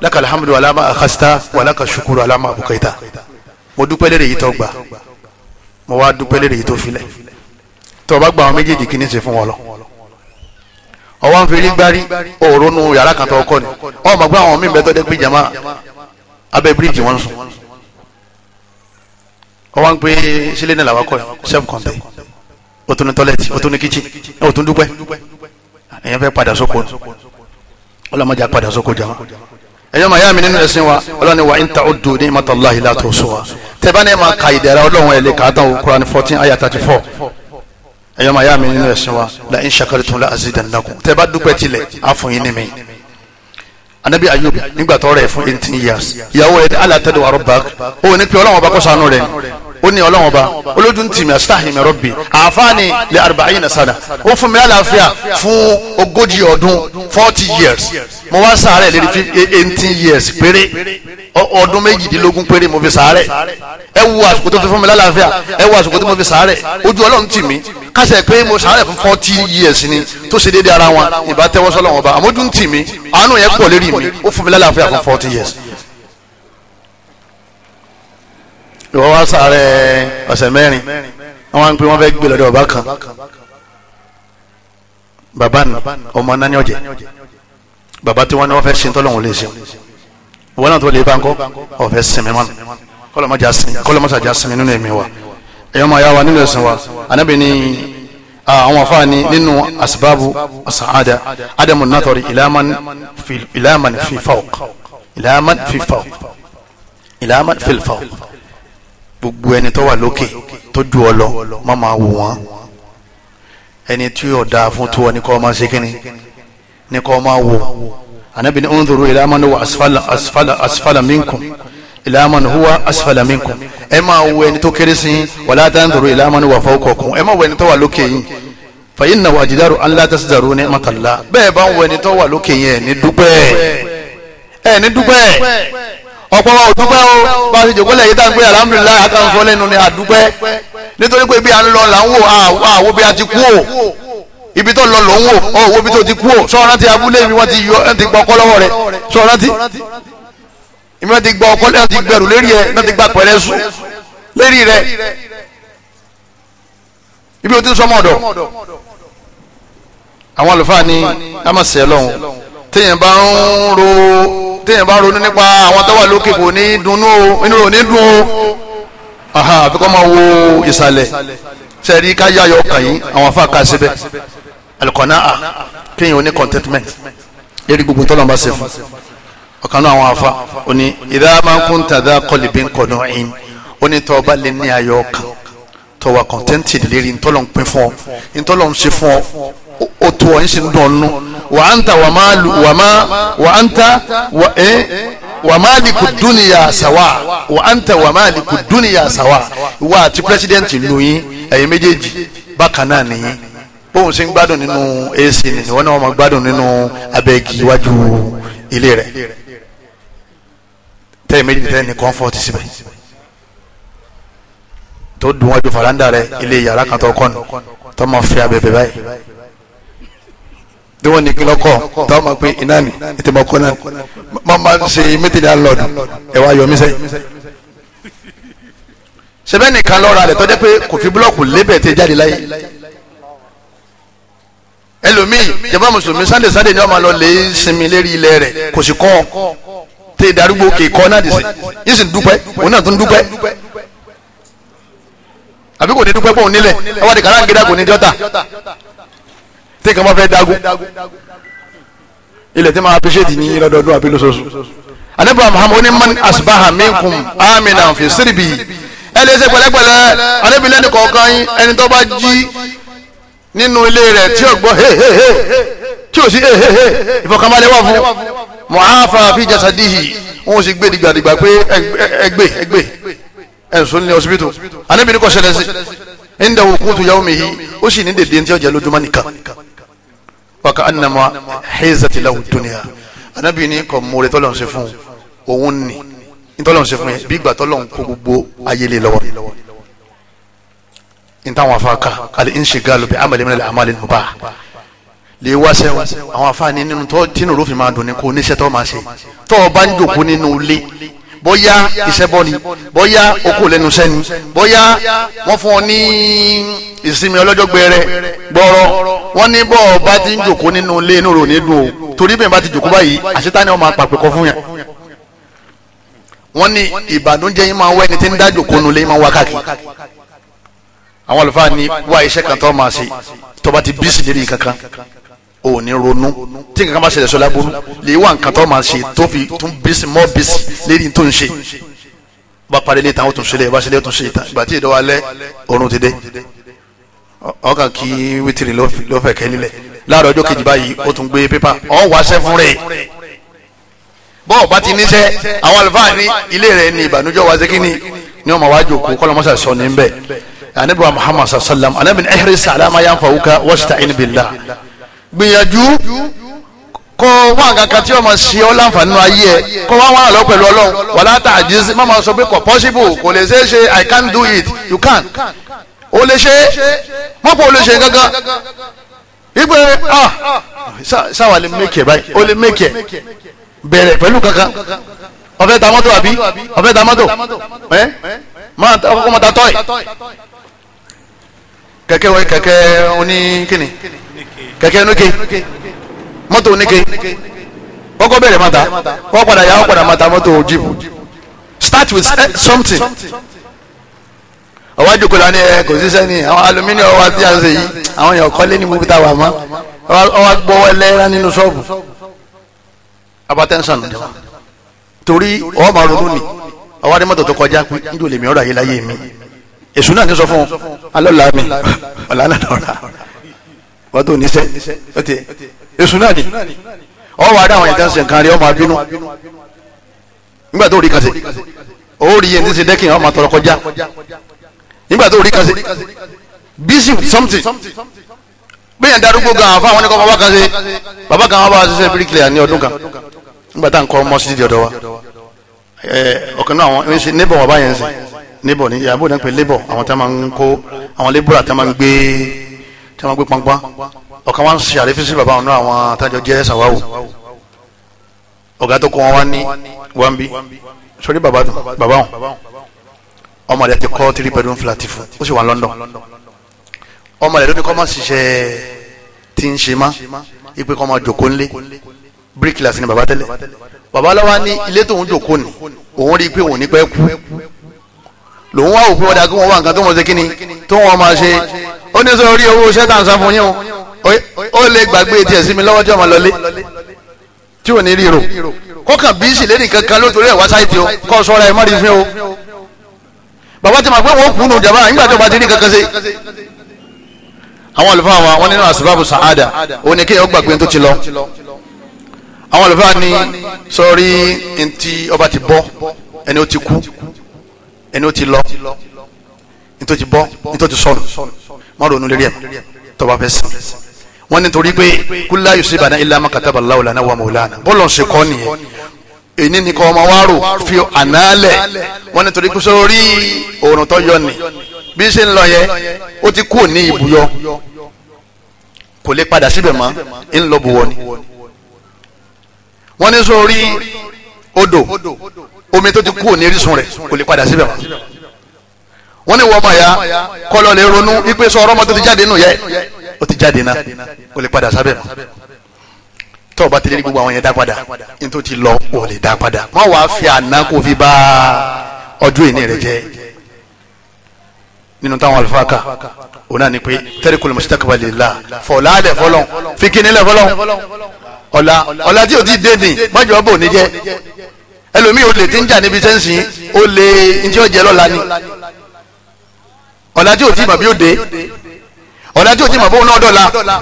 laka alhamdu alama akasita wa laka shukuru alama abukaita mo dúpẹ́ lérè yìí tó gbà mo wá àwọn méjèèjì kí ni ṣe fún wọn lọ ọwọ́ ń ferí gbárí òrónú yàrá kan tó kọ́ ni ọmọ àgbà àwọn míì bẹ́tọ́ dẹ́ pé jama abẹ́ bíríìjì wọn sùn ọwọ́ ń pé sílé náà làwọn kọ́ self contained ó tún ní tọ́lẹ̀tì ó tún ní kíchìn ó tún dúpẹ́ èèyàn fẹ́ padà sóko ọlọ́mọdé padà sóko jama ẹ̀yọ́ màá yá mi nínú ẹ̀sìn wa ọlọ́ni wa ń ta ó dùn ní mọ́tàláhìlá tó sùn wa tẹ́bánẹ́ máa ka ìdẹ̀ra ọlọ́run ẹ̀ lè kàá tán o Quran fourteen ayah thirty four ẹ̀yọ́ máa yá mi nínú ẹ̀sìn wa la in shakartum la azidannakum tẹ́ bá dúpẹ́ tilẹ̀ á fún yín ní mi. anabi ayub nígbà tó rẹ̀ fún eighteen years ìyàwó ẹ̀ ala tad'u rabbak ó ní pé ọlọ́wọ́n bá kọ́ sànú rẹ̀ ó ní ọlọ́wọ́n bá olójú ń tìmí astahi min rabbi àfáàní lè arba'ina sana ó fún mi lálàáfíà fún ogójì ọdún forty years mo wá sàárẹ̀ lérí fi eighteen years péré ọdún méjìdínlógún péré mo fi sàárẹ̀ ẹ wù àsìkò tó fi fún mi lálàáfíà ẹ wù àsìkò tó mo fi sàárẹ̀ ojú ọlọ́run tì mí kásẹ̀ pé mo sàárẹ̀ fún forty years ni tó ṣe déédéé ara wọn ìbá tẹ́wọ́ sọ́lọ́ wọn bá àmójú ń tì mí àánú yẹn pọ̀ lérí mi ó fún mi lálàáfíà fún forty years. ìwọ wá sàárẹ̀ ọ̀sẹ̀ mẹ́rin àwọn ń pè wọ́n fẹ́ gbé lọ́dọ̀ ọba kan bàbá ni ọmọ nání ọ̀jẹ̀ bàbá tí wọ́n ní wọ́n fẹ́ ṣe tọ́lọ́hún lè ṣe wọ́n náà tó lè bá ń kọ́ ọ̀fẹ́ sinmi mọ́nà kọ́lọ́mọ́sàjà sinmi nínú ẹ̀mí wa ẹ̀yọ́ máa yá wa nínú ẹ̀sìn wa anábì ní àwọn afa ni nínú asibabu asaada adamu natori ilaman fi fawq ilaman fi fawq ilaman fi fawq gbogbo ẹni tó wà lókè tó ju ọ lọ má máa wò wọ́n ẹni tí yóò dáa fún tó ọ ní kọ́ ọ máa ṣe kínní ní kọ́ ọ máa wò anábì ní ondoro ilaman wa asfala asfala asfala minkum ila man huwa asfala minkum ẹ máa wo ẹni tó kéré sí wala tanzuru ila man huwa fawqakum ẹ máa wo ẹni tó wà lókè yín fa innahu ajdaru an la tasdaru ni'matallah bẹ́ẹ̀ bá ń wo ẹni tó wà lókè yín ẹ̀ ní dúpẹ́ ẹ̀ ní dúpẹ́ ọ̀pọ̀ wa ò dúpẹ́ o bá a ti jòkó lẹ̀ yìí tá a ń pè alhamdulilayi akáǹfọ́ lẹ́nu ni àdúpẹ́ nítorí pé ibi à ń lọ là ń wò àwọ̀ bí a ti kú o ibi tó lọ lò ń wò ọ̀ wo ibi tó ti kú o sọ ìmọ̀ ti gbọ́ ọkọ náà ti gbẹ̀rù lérí ẹ náà ti gba pẹ̀lẹ́ sùn lérí rẹ ibi o ti sọmọ ọdọ àwọn àlùfáà ni a máa sẹ lọ́hùn téèyàn bá ń ro téèyàn bá ń ronú nípa àwọn tó wà lókè kò ní dunnú o inú rò ní dun o àfi kọ́ máa wo ìsàlẹ̀ sẹ́ẹ̀rí ká yáyọ ọkàn yìí àwọn afá ká síbẹ̀ alikọ́nà a kéèyàn ó ní contentment lérí gbogbo tó lọ́nba ṣe fún ọ̀kan náà àwọn afa ó ní idha ma kunta dha qalbin qanu'in ó ní tọ́ ọba lè ní ayọ̀ kan tọ́ wa kọ̀ǹtẹ́ǹtì lérí ntọ́lọ̀ ń pín fún ọ ntọ́lọ̀ ń ṣe fún ọ ó tó ọ ń ṣe ń dùn ọ́nú wa anta wa malu wa ma wa anta wa ẹ wa maliku duniya sawa wa anta wa maliku duniya sawa ìwọ àti pírẹsidẹ́ǹtì lu yín ẹ̀yin méjèèjì bákan náà nìyí bóun ṣe ń gbádùn nínú ac nìyí wọn náà wọn gbádùn nínú abẹ́gi iwájú ilé rẹ̀ tẹ́yìn méjì tẹ́yìn ní comfort síbẹ̀ tó dùn wájú faranda rẹ ilé yàrá kan tó kọ́ni tó máa fi abẹ́bẹ́ báyìí bí wọ́n ní kí lọ́kọ̀ tó máa pe iná ni ètò máa kọ́ náà máa máa ṣe mẹ́tẹ̀ẹ̀dì alọ́ọ̀dù ẹ̀ wá yọ mí sẹ́yìn sẹ́bẹ̀ nìkan lọ́ra rẹ̀ tọ́jú pé kò fi búlọ́ọ̀kù lébẹ̀ tẹ jáde láyé ẹlòmíì jẹba mùsùlùmí sunday sunday ni wọn máa lọ lè sinmi lérí ilẹ̀ rẹ̀ kò sì kọ́ tẹ darúgbó kè kọ́ náà dìsí yìí sì ń dúpẹ́ òun náà tún dúpẹ́ àbí kò ní dúpẹ́ pọ̀ nílẹ̀ ẹwà di kàrá gíga kò ní jọ́ta tí ilẹ̀ tí máa appreciate ní lọ́dọọdún àbí lóṣooṣù anabiwa muhammed ní man asbaha minkum amina fi siribi ẹ lè ṣe pẹ̀lẹ́pẹ̀lẹ́ anabi lẹni kọ̀ọ̀kan ẹni tó jí nínú ilé rẹ̀ tí yóò gbọ́ hehehe tí yóò sí hehehe ìfọkànbalẹ̀ wà fún muhafa fi jasadihi wọn ò sì gbé dìgbàdìgbà pé ẹgbẹ́ ẹgbẹ́ ẹ̀sùn ní ọsibítù anábìrin kọ́ ṣẹlẹ̀ sí ẹ̀ńdà òkútu yawmihi ó sì ní dèdè tí ó jẹ́ lójúmọ́ nìkan wàkà ànàmọ́ hezati lahu dunya anábìrin kọ́ mọ́rẹ́ tọ́lọ̀ ń ṣe fún òun ni tọ́lọ̀ fún yẹn bí ìgbà tọ́lọ̀ kó gbogbo ayé lé n táwọn afa kan àlè ń ṣe gaalo bí amali minal amali mubah lè wá sẹ́wọ̀n àwọn afáàní nínú tó tínú ló fi máa dùn ní kó oníṣẹ́ tó máa ṣe tó o bá ń jòkó nínú ilé bóyá iṣẹ́ bọ́ ni bóyá okò lẹ́nu sẹ́ni bóyá wọ́n fún ọ ní ìsinmi ọlọ́jọ́ gbẹrẹ gbọ́rọ́ wọ́n ní bọ́ọ̀ bá ti ń jòkó nínú ilé inú rò ní o torí bẹ́ẹ̀ bá ti jòkó báyìí àṣetá ni wọ́n kọ fún yàn wọ́n ní ìbànújẹ́ yín máa wẹ́ni tí ń dá jòkó nulẹ̀ yín máa wá káàkiri àwọn àlùfáà ní wá iṣẹ́ kan tó máa ṣe tó bá ti bísí lérí nǹkan kan ò ní ronú tí nǹkan kan bá ṣẹlẹ̀ sọlá burú lè wá nǹkan tó máa ṣe tó fi tún bísí mọ́ bísí lérí tó ń ṣe bá parí ní ìtàn ó tún ṣẹlẹ̀ bá ṣẹlẹ̀ ó tún ṣe ìtàn ìgbà tí ìdọ́wọ́ alẹ́ oorun ti dé ọkàn kí wítìrì ló fẹ̀ kẹ́ nílẹ̀ láàárọ̀ ọjọ́ kejì báyìí ó tún gbé pépà ọ̀ wá ṣẹ́ fún rẹ̀ bọ́ọ̀ bá ti níṣẹ́ àwọn àlùfáà ní ilé rẹ̀ ní ìbànújẹ́ wá kínní ni ọmọ wájú òkú kọ́lọ́mọ́sà sọ ní bẹ́ẹ̀ anabi wa muhammad sallam anabi ni ihris ala ma yanfa'uka wasta'in billah gbìyànjú kọ wá nǹkan kan tí wọn máa ṣe ọ láǹfààní nínú ayé ẹ kọ wá wọn àlọ pẹ̀lú Ọlọ́run wàlá tàjísí má máa sọ pé kò possible kò lè ṣe é ṣe i can do it you can o lè ṣe é mọ́pọ̀ o lè ṣe gángan ipe ah sáwà lè make báyìí o lè make ẹ bẹ̀rẹ̀ pẹ̀lú kankan ọ̀fẹ́ ta mọ́tò àbí ọ̀fẹ́ ta mọ́tò ẹ́ máa ta ọkọ̀ kẹ̀kẹ́ wọ kẹ̀kẹ́ oníkìnnì kẹ̀kẹ́ oníke mọ́tò oníke kọ́kọ́ bẹ̀rẹ̀ mọ́ta kọ́ padà yà ọ́ padà mọ́ta mọ́tò jíìpù start with eh, something ọwọ́ àjòkó la ní ẹ eh, kò síṣẹ́ ni àwọn alumíní ọwọ́ àti àṣẹ yìí àwọn èèyàn kọ́lé ní mọ́bítà wà mọ́ ọwọ́ gbọ́wọ́ ẹlẹ́rán nínú ṣọ́ọ̀bù abatẹ́nsán nìjọba torí ọwọ́ màá ronú ni ọwọ́ adé mọ́tò tó kọjá pé ń lèmi ọ̀rọ̀ ayé mi èṣù náà ní sọ fún alọ́lá mi ọ̀là náà ọ̀rà wọ́n tó níṣẹ́ ó ti èṣù náà ni ọwọ́ adá àwọn ìtẹ́sẹ̀ nǹkan rí ọmọ abínú nígbà tó rí kan sí ó rí yẹn ní ṣe dẹ́kìn ọmọ tọrọ kọjá nígbà tó rí kan sí busy with something bẹ́ẹ̀ darúgbó gan àwọn fáwọn oníkọ́ bàbá kan ṣe bàbá kan wọn bá ṣiṣẹ́ bíríkìlẹ̀ ní ọdún kan nígbà tá à ń kọ́ mọ́sídìí ọ̀dọ̀ wa ọ̀kan náà àwọn níbọ̀ wọn bá ń sìn níbọ̀ ni ìyàbò náà pé labour àwọn tá máa ń kó àwọn labour àti máa ń gbé tá máa ń gbé pọnpọ́n ọ̀kan wá ń ṣe àrífín sí bàbá àwọn náà àwọn àtàjọ jẹ́ sàwáwò ọ̀gá tó kọ́ wọn wá ní wáńbí sórí bàbá bàbá wọn ọmọ rẹ̀ ti kọ́ three bedroom flat fún ó sì wà London ọmọ rẹ̀ ló ní kọ́ máa ṣiṣẹ́ tí ń ṣe má ipe kọ́ máa jòkó ńlé bíríkìlà sí ni bàbá tẹ́lẹ̀ bàbá lọ́wọ́ ní ilé tóun jòkó ni òun rí i pé òun ní pẹ́ lòun wá òpin ọ̀dà kí wọ́n wá nǹkan tó wọ́n ṣe kíni tó wọ́n máa ṣe ó ní sọ orí owó iṣẹ́ tá à ń san fún yín o ó lè gbàgbé tiẹ̀ sí mi lọ́wọ́ jọ́ ọmọ lọlé tí ò ní ríro kọ́kàn bí sì lẹ́nì kankan ló torí ẹ̀ wá sáìtì o kọ́ sọ́ra ẹ̀ mọ́ rí fún o bàbá ti máa pẹ́ wọ́n kùnú jàmbá nígbà tó bá ti ní kankan ṣe àwọn àlùfáà wa wọn nínú àsìbáàbù sàádà òun ni kéèyàn gbàgbé tó ti lọ àwọn àlùfáà ni sọ ẹni ó ti lọ ní tó ti bọ́ ní tó ti sọnù má ronú lérí ẹ̀ tó bá fẹ́ sàn wọ́n ní torí pé kúlá yusibana illa ma kataba Allahu lana wa maulana bọ́ọ̀lù ṣe kọ́ nìyẹn èyí ni kọ́ ọmọ wa rò fi ànálẹ̀ wọ́n ní torí pé sórí òòrùn tó ni bí ṣe ń lọ yẹ ó ti kú ní ibùyọ kò lè padà síbẹ̀ mọ́ ń lọ bùwọ́ ni wọ́n ní sórí odò omi tó ti kú òní orísun rẹ̀ kò lè padà síbẹ̀ mọ́ wọ́n ní wọ́n bá ya kọ́lọ́ lè ronú wípé sọ ọ̀rọ̀ ọmọ tó ti jáde nù yẹ ó ti jáde náà kò lè padà sábẹ̀ mọ́ tọ́ ọba tẹ̀lé gbogbo àwọn yẹn dá padà ní tó ti lọ ò lè dá padà má wàá fi àná kó fi bá ọdún ìní rẹ̀ jẹ́ nínú táwọn alifaka òun náà ni pé tẹ́ríkù lè mọ̀sítàkùbà lè la fọ̀ọ́lá lẹ̀ fọlọ́n fi kíni lẹ̀ fọlọ́n ọ̀la ọ̀la tí o ti dé ni mọ́jọ́ bò ní jẹ́ ẹlòmíì olè tí ń jà níbi sẹ́ǹsì olè ntí ọ̀jẹ̀ lọ́la ni ọ̀la tí ò tí mọ̀ bí ó dé ọ̀la tí ò tí mọ̀ bóun náà dọ̀la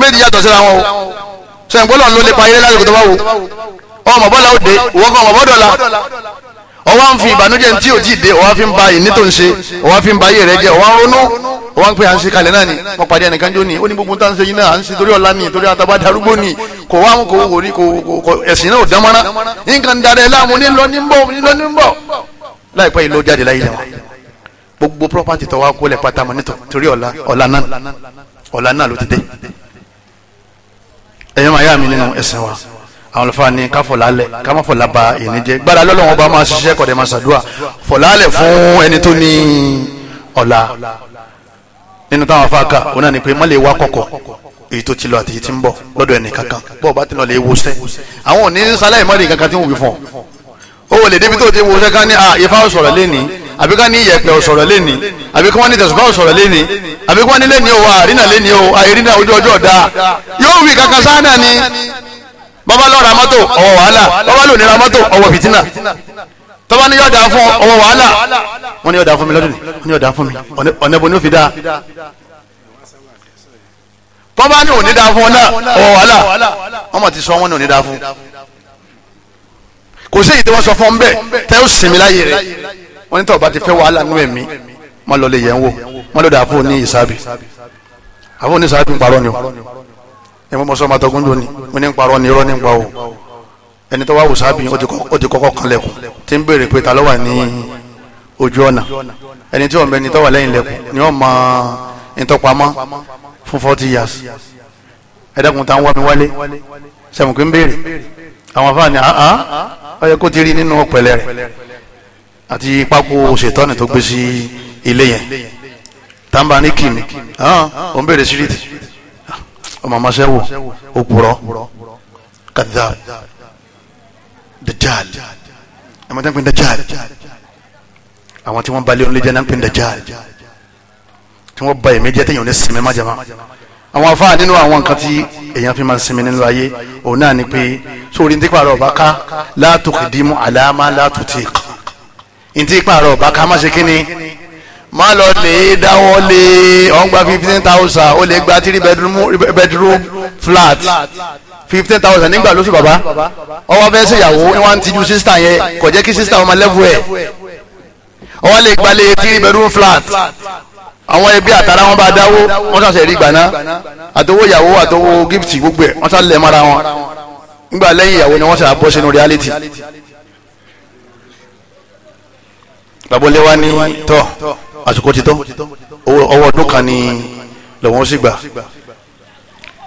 méjì yàtọ̀ síra wọn o sẹ̀ǹgbọ́lọ̀ ló lè pa ayé lásìkò tó bá wo ọmọ bọ́lá ó dé ìwọ́kọ̀ ọmọ bọ́dọ̀la ọwọ́ ń fi ìbànújẹ́ tí ò tí ì dé ọwọ́ fi ń ba ìní tó ń ṣe ọwọ́ fi ń ba ayé rẹ jẹ ọwọ́ ń ronú ọwọ́ ń pè à ń ṣe kalẹ̀ náà ni wọ́n pàdé ẹnìkan jó ni ó ní gbogbo tá ń ṣe yín náà à ń ṣe torí ọ̀la ni torí àtàbà darúgbó ni kò wá kò wò ní kò ẹ̀sìn náà ò dámọ́ná nǹkan dára ẹ̀ láàmú ní lọ ní bọ̀ ní lọ ní bọ̀ láìpẹ́ yìí ló jáde láyé lẹ́wọ̀n gbogbo property àwọn olùfà ni ká fọ̀lálẹ̀ ká má fọ̀lá ba ìní jẹ́ gbára lọ́lọ́wọ́n bá máa ṣiṣẹ́ kọ̀dẹ̀ máa ṣàdúrà fọ̀lálẹ̀ fún ẹni tó ní ọ̀la nínú táwọn afáàkà òun náà ni pé mọ́lẹ̀ wá kọ̀kọ̀ èyí tó ti lọ àti èyí tí ń bọ̀ lọ́dọ̀ ẹnì kankan bọ́ọ̀ bá ti lọ lè wọṣẹ́ àwọn òní sáláì mọ́lẹ̀ kankan tí wọ́n wí fún ọ ó lè débi tó ti wọṣẹ́ ká ní ifá ọ̀sọ̀rọ̀ lẹ́ni àbí ká ní iyẹ̀pẹ̀ ọ̀sọ̀rọ̀ lẹ́ni àbí ká wọ́n ní tẹ̀sùbá ọ̀sọ̀rọ̀ lẹ́ni àbí ká wọ́n ní lẹ́ni o àrínà lẹ́ni o àìrínà ojú ọjọ́ ọ̀dà yóò wí kankan sáà náà ni bàbá lọ ra mọ́tò ọwọ́ wàhálà bàbá lò ní ra mọ́tò ọwọ́ fìtínà tọ́ba ní yọ̀dà fún ọwọ́ wàhálà wọ́n ní yọ̀dà fún mi lọ́dún ní yọ̀dà fún mi ọ̀nẹ́bọ̀ ni ó fi dáa tọ́ba ní òní dáa fún ọ náà ọwọ́ wàhálà wọ́n mọ̀ ti sọ wọ́n ní òní dáa fún kò sí èyí tí wọ́n sọ fún bẹ́ẹ̀ tẹ́ ó sinmi láyé rẹ̀ wọ́n ní tọ́ bá ti fẹ́ wàhálà nú ẹ̀mí mọ́ lọ lè yẹ̀ wò mọ́ lọ́dà fún ní ìsábì àfún ní ìsábì ń parọ́ ni o ẹ mọ sọ ma tọkun lóni mo ní parọ́ ní irọ́ ní pa o ẹni tó wá wùsábì ó ti kọ́kọ́ kan lẹ̀kùn tí ń béèrè pé ta ló wà ní ojú ọ̀nà ẹni tí wọn bẹ ni tó wà lẹ́yìn lẹ̀kùn ni wọn mọ ìtọpamọ fún forty years ẹdẹkùn tá ń wá mi wálé sẹmu kí n béèrè àwọn afáà ni àá ó yẹ kó ti rí nínú ọpẹlẹ rẹ àti pákó ṣètọ́ni tó gbé sí ilé yẹn tàǹbà ní kìmí ọ̀n ò ń béèrè síríìtì ọmọ masẹ́wò òpùrọ́ kadhab dajjal ẹ máa tẹ́ ń pin dajjal àwọn tí wọ́n balẹ̀ onílé jẹ́ náà ń pin dajjal tí wọ́n ba ẹ̀mí jẹ́ téèyàn ní sinmi má jama àwọn afáà nínú àwọn nǹkan tí èèyàn fi máa sinmi nínú ayé òun náà ni pé sórí ní pààrọ̀ ọba ká la tuqdimu ala ma la tutiq ní pààrọ̀ ọba ká má ṣe kí ni má lọ lè dáwọ́ lé ọ̀n gba fifteen thousand ó lè gba three bedroom bedroom flat fifteen thousand nígbà lóṣù bàbá ọwọ́ fẹ́ ṣèyàwó ẹ wá ń tijú sísítà yẹn kò jẹ́ kí sísítà ọmọ lẹ́fù ẹ̀ ọwọ́ lè gbalẹ̀ three bedroom flat àwọn ẹbí àtàrà wọn bá dáwó wọn ṣàṣẹ rí gbaná àtowó ìyàwó àtowó gift gbogbo ẹ wọn ṣàlẹ̀ mọ́ra wọn nígbà lẹ́yìn ìyàwó ni wọ́n ṣàbọ̀ bọ́ sínú reality babolẹ́wá ní tọ́ àsìkò ti tó ọwọ́ ọdún kan ni lòun sì gbà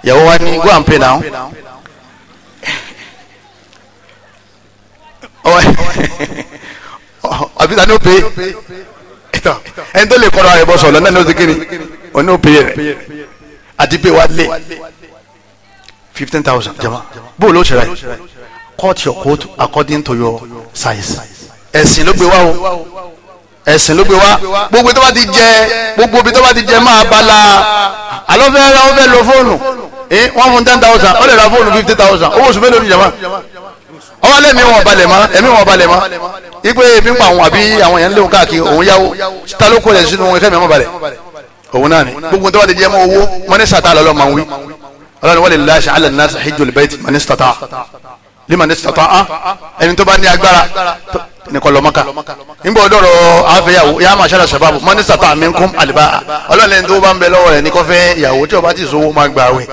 ìyàwó wa ní go and pay now àbí ta ni ó pe ẹni tó lè kọ́ra ẹ̀ bọ́ sọ̀rọ̀ náà ni ó ti kiri òun ni ó pe rẹ̀ àti pé wa lé fifteen thousand jama bóòlù ó ṣe rà yìí cut your coat according to your size ẹ̀sìn ló gbé wá o ẹ̀sìn ló gbé wá gbogbo tó bá ti jẹ gbogbo bí tó bá ti jẹ máa bala alọ́fẹ́ ra ọ́fẹ́ lo fóònù ẹ wọ́n fún ten thousand ó lè ra fóònù fifty thousand owó oṣù mélòó ni jama ọwọ́ alẹ́ mi wọn balẹ̀ mọ́ ẹ̀mí wọn balẹ̀ mọ́ ipe ebi ń pa àwọn àbí àwọn èèyàn léwu káàkiri òun yáwó ta ló kó rẹ̀ sínú wọn kẹ́mi wọn balẹ̀ òun náà ni gbogbo tó bá ti jẹ mọ́ owó wọn ní sàtà lọ́lọ́ máa ń wí ọlọ́run wọlé láṣẹ alẹ́ náà sàhíjò lè bẹ́ẹ̀ tì mọ́ ní sàtà lè mọ́ ní sàtà ẹni tó bá ní agbára ní kó lọ Mákà nígbà ọdọọrọ àfẹyàwó yà máa ṣàlà sábàbù mọ́nísà tá a mi ń kún àlìbá ọlọ́ọ̀lẹ́ tó bá ń bẹ lọ́wọ́ rẹ̀ ní kó fẹ́ ìyàwó tí o bá ti sọ máa gbà wẹ̀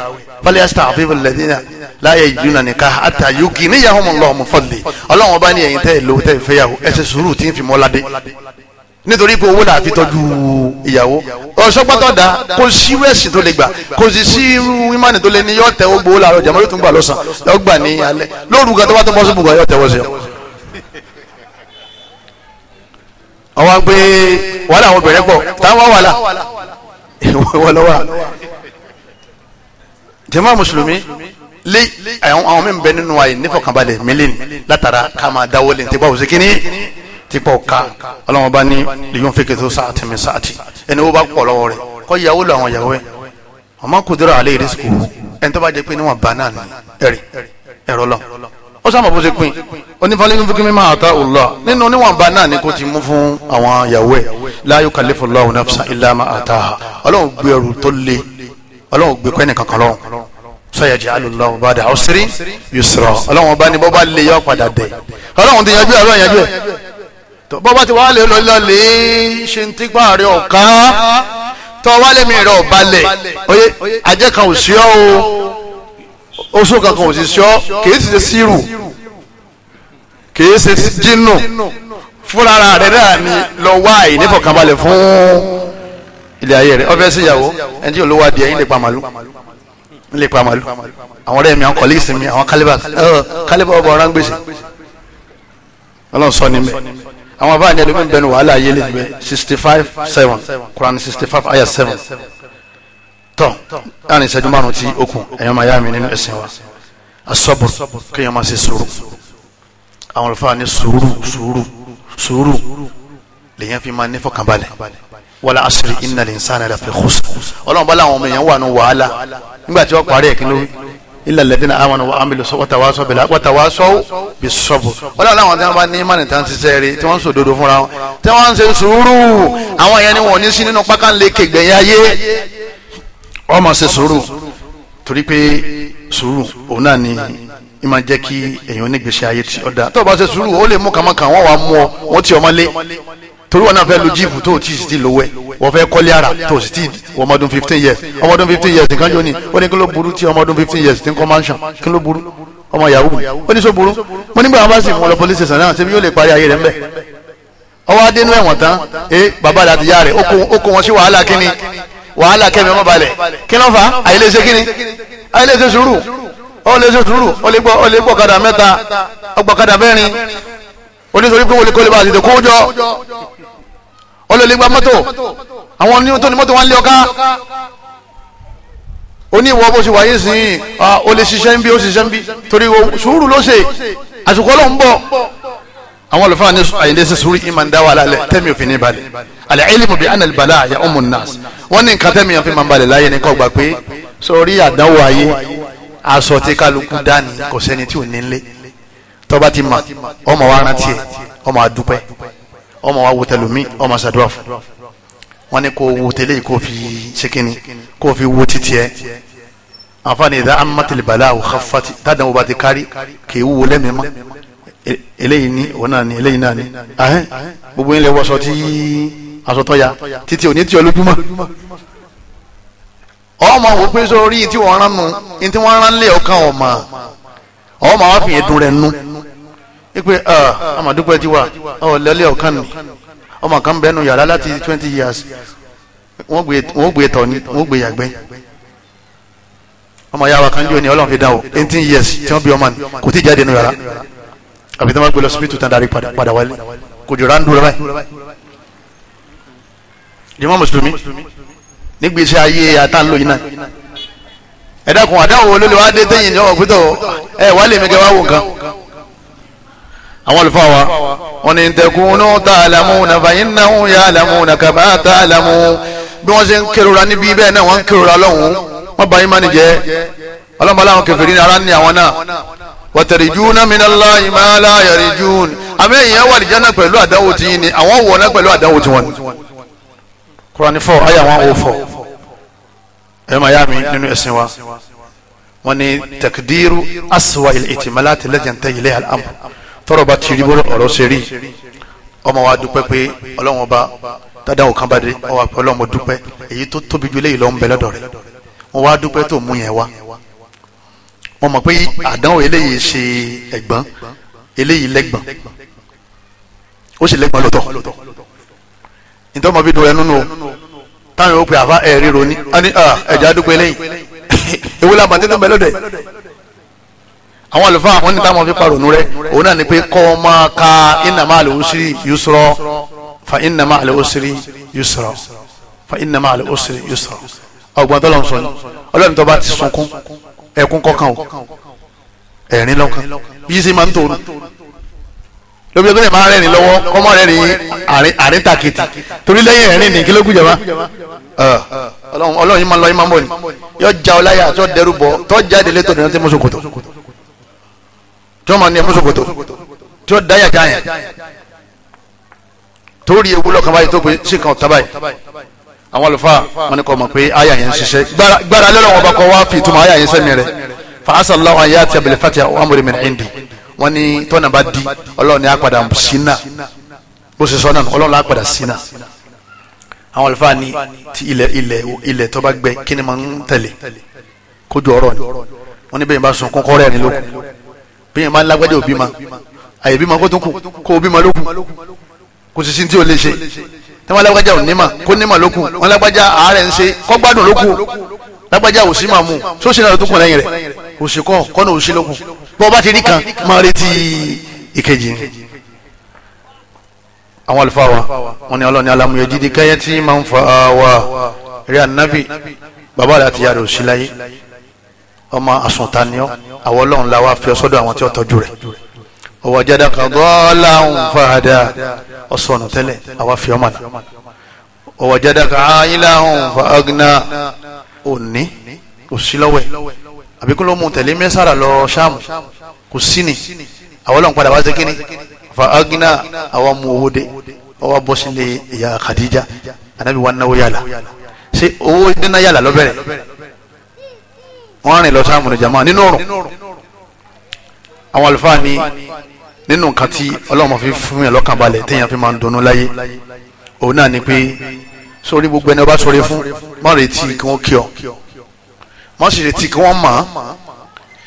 fọlẹ́sítà àfihàn lẹ́dínà láyé ìdúnà nìka àtà yókì níyàwó mọ̀ lọ́wọ́ mọ̀ fọ́lẹ̀ ọlọ́wọ́n bá ní ẹ̀yìn tẹ́ ìlú tẹ́ ìfẹ́yàwó ẹ ṣe sùúrù tí ń fi mọ́ ládé nítorí pé owó fi tọ́jú ìyàwó ọ̀ṣọ́gbọ́tọ̀ dá kò sí wẹ́ẹ̀sì tó lè gbà kò sì sí irú ìmánì tó lè ní yọ̀ọ̀tẹ̀ ó gbowó làárọ̀ jàmọ́ yóò tún gbà lọ́sàn yọ̀ọ́ gbà ní alẹ́ lóru gan tó bá tó bọ́ sóbùgbà yọ̀ọ̀tẹ̀ àwọn pé wàhálà àwọn obìnrin pọ̀ táwọn wàhálà wọlọwà jàmá mùsùlùmí lé àwọn mí bẹ nínú àyè nífọ̀kànbalẹ̀ mílíọ̀nù látara ká máa dáwọ́ lé nípa òsì kínní tipa ọ̀ka ọlọ́wọ́n bá ní lèyún fèkè tó sáàtì mi sáàtì ẹni wọ́n bá pọ̀ lọ́wọ́ rẹ̀ kọ́ ìyàwó lọ àwọn ìyàwó ẹ̀ ọmọ kùdúrà alẹ́ ìrísìkò ẹni tó bá jẹ pé níwọ̀n bá náà ní ẹ̀rì ẹ̀rọ lọ ó sábà bó ṣe pin onífàlẹ́ fún kíkí máa ta òlò nínú oníwànba náà ni kò ti mú fún àwọn ìyàwó ẹ̀ la yukallifu Allahu nafsan illa ma ataha ọlọ́run gbé ẹrù tó le ọlọ́run gbé pẹ́ẹ́nì kankan lọ́rùn sayaj'alu Allahu ba'da usri yusra ọlọ́run ọba ni bọ́ba lè yọ padà dẹ̀ ọlọ́run ti yanjú ọlọ́run yanjú ẹ̀ bọ́ba ti wá lè lọ lọ́lẹ̀ ṣe ń tigbà rẹ̀ ọ̀ká tọ́ wálé mi rẹ̀ ọ̀balẹ̀ oyè ajẹ́ kan ò sí ọ́ o oṣù kankan ò sì ṣọ́ kìí ṣe sírù kìí ṣe jínù fúnra rẹ̀ náà ni lọ wá ìnífọ̀kànbalẹ̀ fún ilé ayé rẹ̀ ọ̀fẹ́ síyàwó ẹni tí olówó adìẹ yín lè pa màlúù ń lè pa màlúù àwọn ọ̀rẹ́ mi àwọn kọ́líìsì mi àwọn kálíbà kálíbà ọba ọ̀rá ń gbèsè ọlọ́run sọ ní mẹ́ àwọn abáyé ẹlòmíín bẹnu wàhálà ayé lè gbé sixty five seven Quran sixty five ayah seven tọ́ láàrin ìṣẹ́jú márùn-ún tí ó kù ẹ̀yàn máa yá mi nínú ẹ̀sìn wa asọ́bùr kéèyàn máa ṣe sùúrù àwọn olùfà ní sùúrù sùúrù sùúrù lèyàn fi máa ní fọkànbalẹ̀ wala asiri inna linsana lafi khusr ọlọ́run bá láwọn ọmọ èèyàn wà ní wàhálà nígbà tí wọ́n parí ẹ̀kí lórí illa alladhina amanu wa amilu watawasaw bil haqq watawasaw bis sabr ọlọ́run láwọn tí wọ́n bá ní mánì tán ti sẹ́ẹ̀rí tí wọ́n ń sòdodo fúnra wọn tí wọ́n ń ṣe sùúrù àwọn èèyàn ni wọ́n ní sí nínú pákánlé kẹgbẹ̀yà yé ó máa ṣe sùúrù torí pé sùúrù òun náà ni ì máa jẹ́ kí èèyàn onígbèsè ayé tí ó dáa tó o bá ṣe sùúrù ó lè mú kàmákàn wọ́n wà á mú ọ wọ́n ti ọmọ torí wọn náà fẹ́ lu jíìpù tó o ti sì ti lówẹ́ wọ́n fẹ́ kọ́lé ara tó o sì ti ọmọdún fifteen years ọmọdún fifteen years nǹkan jọ ni ó ní kí ló burú tí ọmọdún fifteen years ti ń kọ́ mansion kí ló burú ọmọ yahoo ó ní sọ burú mo nígbà wọn bá sì wọn lọ police station náà ṣebí yóò lè parí ayé rẹ̀ ńbẹ̀ ọwọ́ adé inú ẹ̀wọ̀n tán ẹ bàbá rẹ̀ àti ìyá rẹ̀ ó kó wọn sí wàhálà kínní wàhálà kẹ́mi ọmọ balẹ̀ kí ló fà á àyè lè ṣe kíni àyè lè ṣe sùúrù ó lè ṣe sùúrù ó lè gbọ́ ó lè gbọ́ kadà mẹ́ta ọgbọ́ kadà mẹ́rin onítorí pé wọlé kọlé bá àti ìdókòwò jọ ó lè lè gba mọ́tò àwọn ní tó ní mọ́tò wọn lé ọká oní ìwọ bó ṣe wáyé sí i ah, ó ṣiṣẹ́ ń bí ó ṣiṣẹ́ ń bí torí sùúrù ló ṣe àsìkò ọlọ́run bọ̀ àwọn olùfẹ́ àni àyíndé ṣe sùúrù ìmọ̀ ń dá wà lálẹ́ tẹ́mi òfin ní balẹ̀ àlẹ́ ilmu bi anna al-bala ya umu nas wọ́n ní nǹkan tẹ́mi òfin máa ń balẹ̀ láyé ní kò gbà pé sórí àdánwò ayé aṣọ tí kálukú dání kò sẹ́ni tí ò ní lé tọ́ba ti mà ọmọ wa rántí ẹ̀ ọmọ àdúpẹ́ ọmọ wa wòtẹ́lómi ọmọ sàdúrà fún wọ́n kò wòtẹ́lẹ̀ kò fi ṣékinni kò fi wò títí ẹ̀ àǹfààní ìdá amátilibàlá ò eléyìí ni òun náà ni eléyìí náà ni ahẹ́n gbogbo yín lè wọṣọ tí aṣọ tó ya títí òní tí olójúmọ́ ọmọ wò pé sórí tí wọ́n rán nu ní tí wọ́n rán lé ọkàn ọmọ ọmọ wa fi ẹ̀dùn rẹ̀ nu ipe amadupẹ ti wa ọ lẹ́lẹ́ ọkàn ni ọmọ kan bẹ́ẹ̀ nu yàrá láti twenty years wọ́n gbé tọ̀ ni wọ́n gbé yàgbẹ́ ọmọ yàrá kan jọ ni ọlọ́run fi dá o eighteen years tí wọ́n bí ọmọ ni kò tí jáde nu yàrá àbí tí wọ́n gbé lọ sí bìtú tán darí padà wálé kò jù ráńdù rẹ̀ báyìí jẹ́mọ́ mùsùlùmí nígbèsè ayé àtàlù yìí náà ẹ̀dá kan àdáwò olólè wá dé tẹ́yìn ní ọ̀pítọ̀ ẹ̀ wá lè mi kẹ́ wá wò nǹkan àwọn olùfọ́ wa wọn ni tẹkùnú ta'lamuna fa innahu ya'lamuna kama ta'lamun bí wọ́n ṣe ń kérora níbí bẹ́ẹ̀ náà wọ́n ń kérora lọ́hùn-ún wọ́n bá yín má nìjẹ́ ọlọ́mọláwọn kẹfìrí ni ara ní àwọn náà wàtẹ̀rìjúna minala ìmàlà yàrìjún àmì ìyẹn wà lìjánà pẹ̀lú àdánwò tí yín ni àwọn wọ̀ náà pẹ̀lú àdánwò tí wọ́n ni. kurani fọ ayé àwọn ò fọ ẹ máa yá mi nínú ẹ̀sìn wa wọn ni takidiru asuwa ìtìmọ́lá ti lẹ́jẹ̀ntẹ́ ilé alamọ tọrọ bá ti rí bọ́lá ọ̀rọ̀ ṣe ọmọ wa dúpẹ́ pé ọlọ́run ọba dáadáa òkan bá dé ọwọ́ àpẹ ọlọ́run mo èyí tó tóbi ju eléyìí lọ ń bẹ lọ́dọ̀ rẹ̀ wọn wá dúpẹ́ tó mú yẹn wá mo mọ̀ pé àdánwò eléyìí ṣe ẹ̀gbọ́n eléyìí lẹ́gbọ́n ó sì lẹ́gbọ́n lọ́tọ̀ nítorí ọmọ bí dùn ẹnu nù o táwọn yóò pe àfa ẹ̀rí ronú ẹ̀já dúpẹ́ eléyìí ewu la bàtí tó mẹ́lọ́dẹ̀ àwọn àlùfáà àwọn níta máa fi parònú rẹ òun náà ni pé kọ́ ọ máa ka ìnàmá àlè òsìrì yusra fa ìnàmá àlè òsìrì yusra fa ìnàmá àlè òsìrì yusra ọgbọ́n tó lọ́n sọ ni ọlọ́run tó bá ti sunkún ẹkún kọkàn o ẹ̀rín lọ́kàn yìí sì máa ń tòun lóbi ọdún yẹn máa rẹ́rìn lọ́wọ́ kọ́mọ rẹ́rìn àrín tàkìtì torí lẹ́yìn ẹ̀rín ní kílógún jẹ̀má ọlọ́run yìí máa lọ yìí máa ń bọ̀ ni yọ ja ọ láyà tó dẹrù bọ̀ tó jáde létò nínú tí mọ́sokòtò tí wọ́n máa ní mọ́sokòtò tí ó dáyà dáyà torí ewu lọ́kàn báyìí tó pe síkan ọ̀tá báyìí àwọn àlùfáà wọn ni kò mọ̀ pé àyà yẹn ń ṣiṣẹ́ gbára lọ́rọ̀ wọn bá kọ́ wá fi ìtumọ̀ àyà yẹn sẹ́mi rẹ̀ fàásàláwọ̀ àyà àti abẹ̀lẹ̀ fàtí àwọn amòrè mẹ́rin ẹ̀ndì wọn ni tọ́nà bá di ọlọ́run ni àpàdà sínà bó ṣe sọ́nà ọlọ́run ni àpàdà sínà àwọn àlùfáà ni ti ilẹ̀ ilẹ̀ ilẹ̀ tó bá gbẹ kí ni máa ń tẹ̀lé kójú ọ̀rọ̀ ni wọn ni bẹ́ẹ̀ bá sun kọ́kọ́ rẹ̀ ni lókun bẹ́ẹ̀ bá lágbájá òbí ma àyè bí ma kó tó kù kó òbí ma lókun kò sì tí wọ́n lágbájá ò nímà kó nímà lókun wọ́n lágbájá àárẹ̀ ń ṣe kọ́ gbádùn lókun lágbájá ò sí màmú tó ṣe náà tó kún lẹ́yìn rẹ̀ òsì kọ́ kọ́nà òsì lókun bọ́ bá ti rí kan máa retí ìkejì ni. àwọn àlùfáà wa wọn ni ọlọ́ni alámúyẹ jíde káyẹ tí máa ń fa wa rí ànábì bàbá rẹ̀ àti ìyá rẹ̀ òsì láyé ọmọ àsùntàníọ́ àwọn ọlọ́run la wá fi ọ sọ́dọ̀ àwọn tí ó tọ́jú rẹ̀ ọwọ́jẹ́dá kan dọ́ọ́lá ń fàdá ọ̀sọ̀nà tẹ́lẹ̀ àwa fi ọmọ náà ọwọ́jẹ́dá kan áyílá ń fa agná òní òsílọ́wẹ̀ àbíkúlọ́ mú tẹ̀lé mẹ́sàrà lọ ṣáàmù kò sí ni àwọn ọlọ́run padà wá sí kíní fa agná ọwọ́ bọ́ sílé ìyá Khadija anábì wa náwó yàlà ṣé owó dínà yàlà lọ́bẹ̀rẹ̀ wọ́n rìn lọ ṣáàmù àwọn àlùfáà ni nínú nǹkan tí ọlọ́run máa fi fún yàn lọ́kàn balẹ̀ téèyàn fi máa ń dunnú láyé òun náà ni pé sórí gbogbo ẹni ọba sórí fún má retí kí wọ́n kí ọ má sì retí kí wọ́n mọ̀ ọ́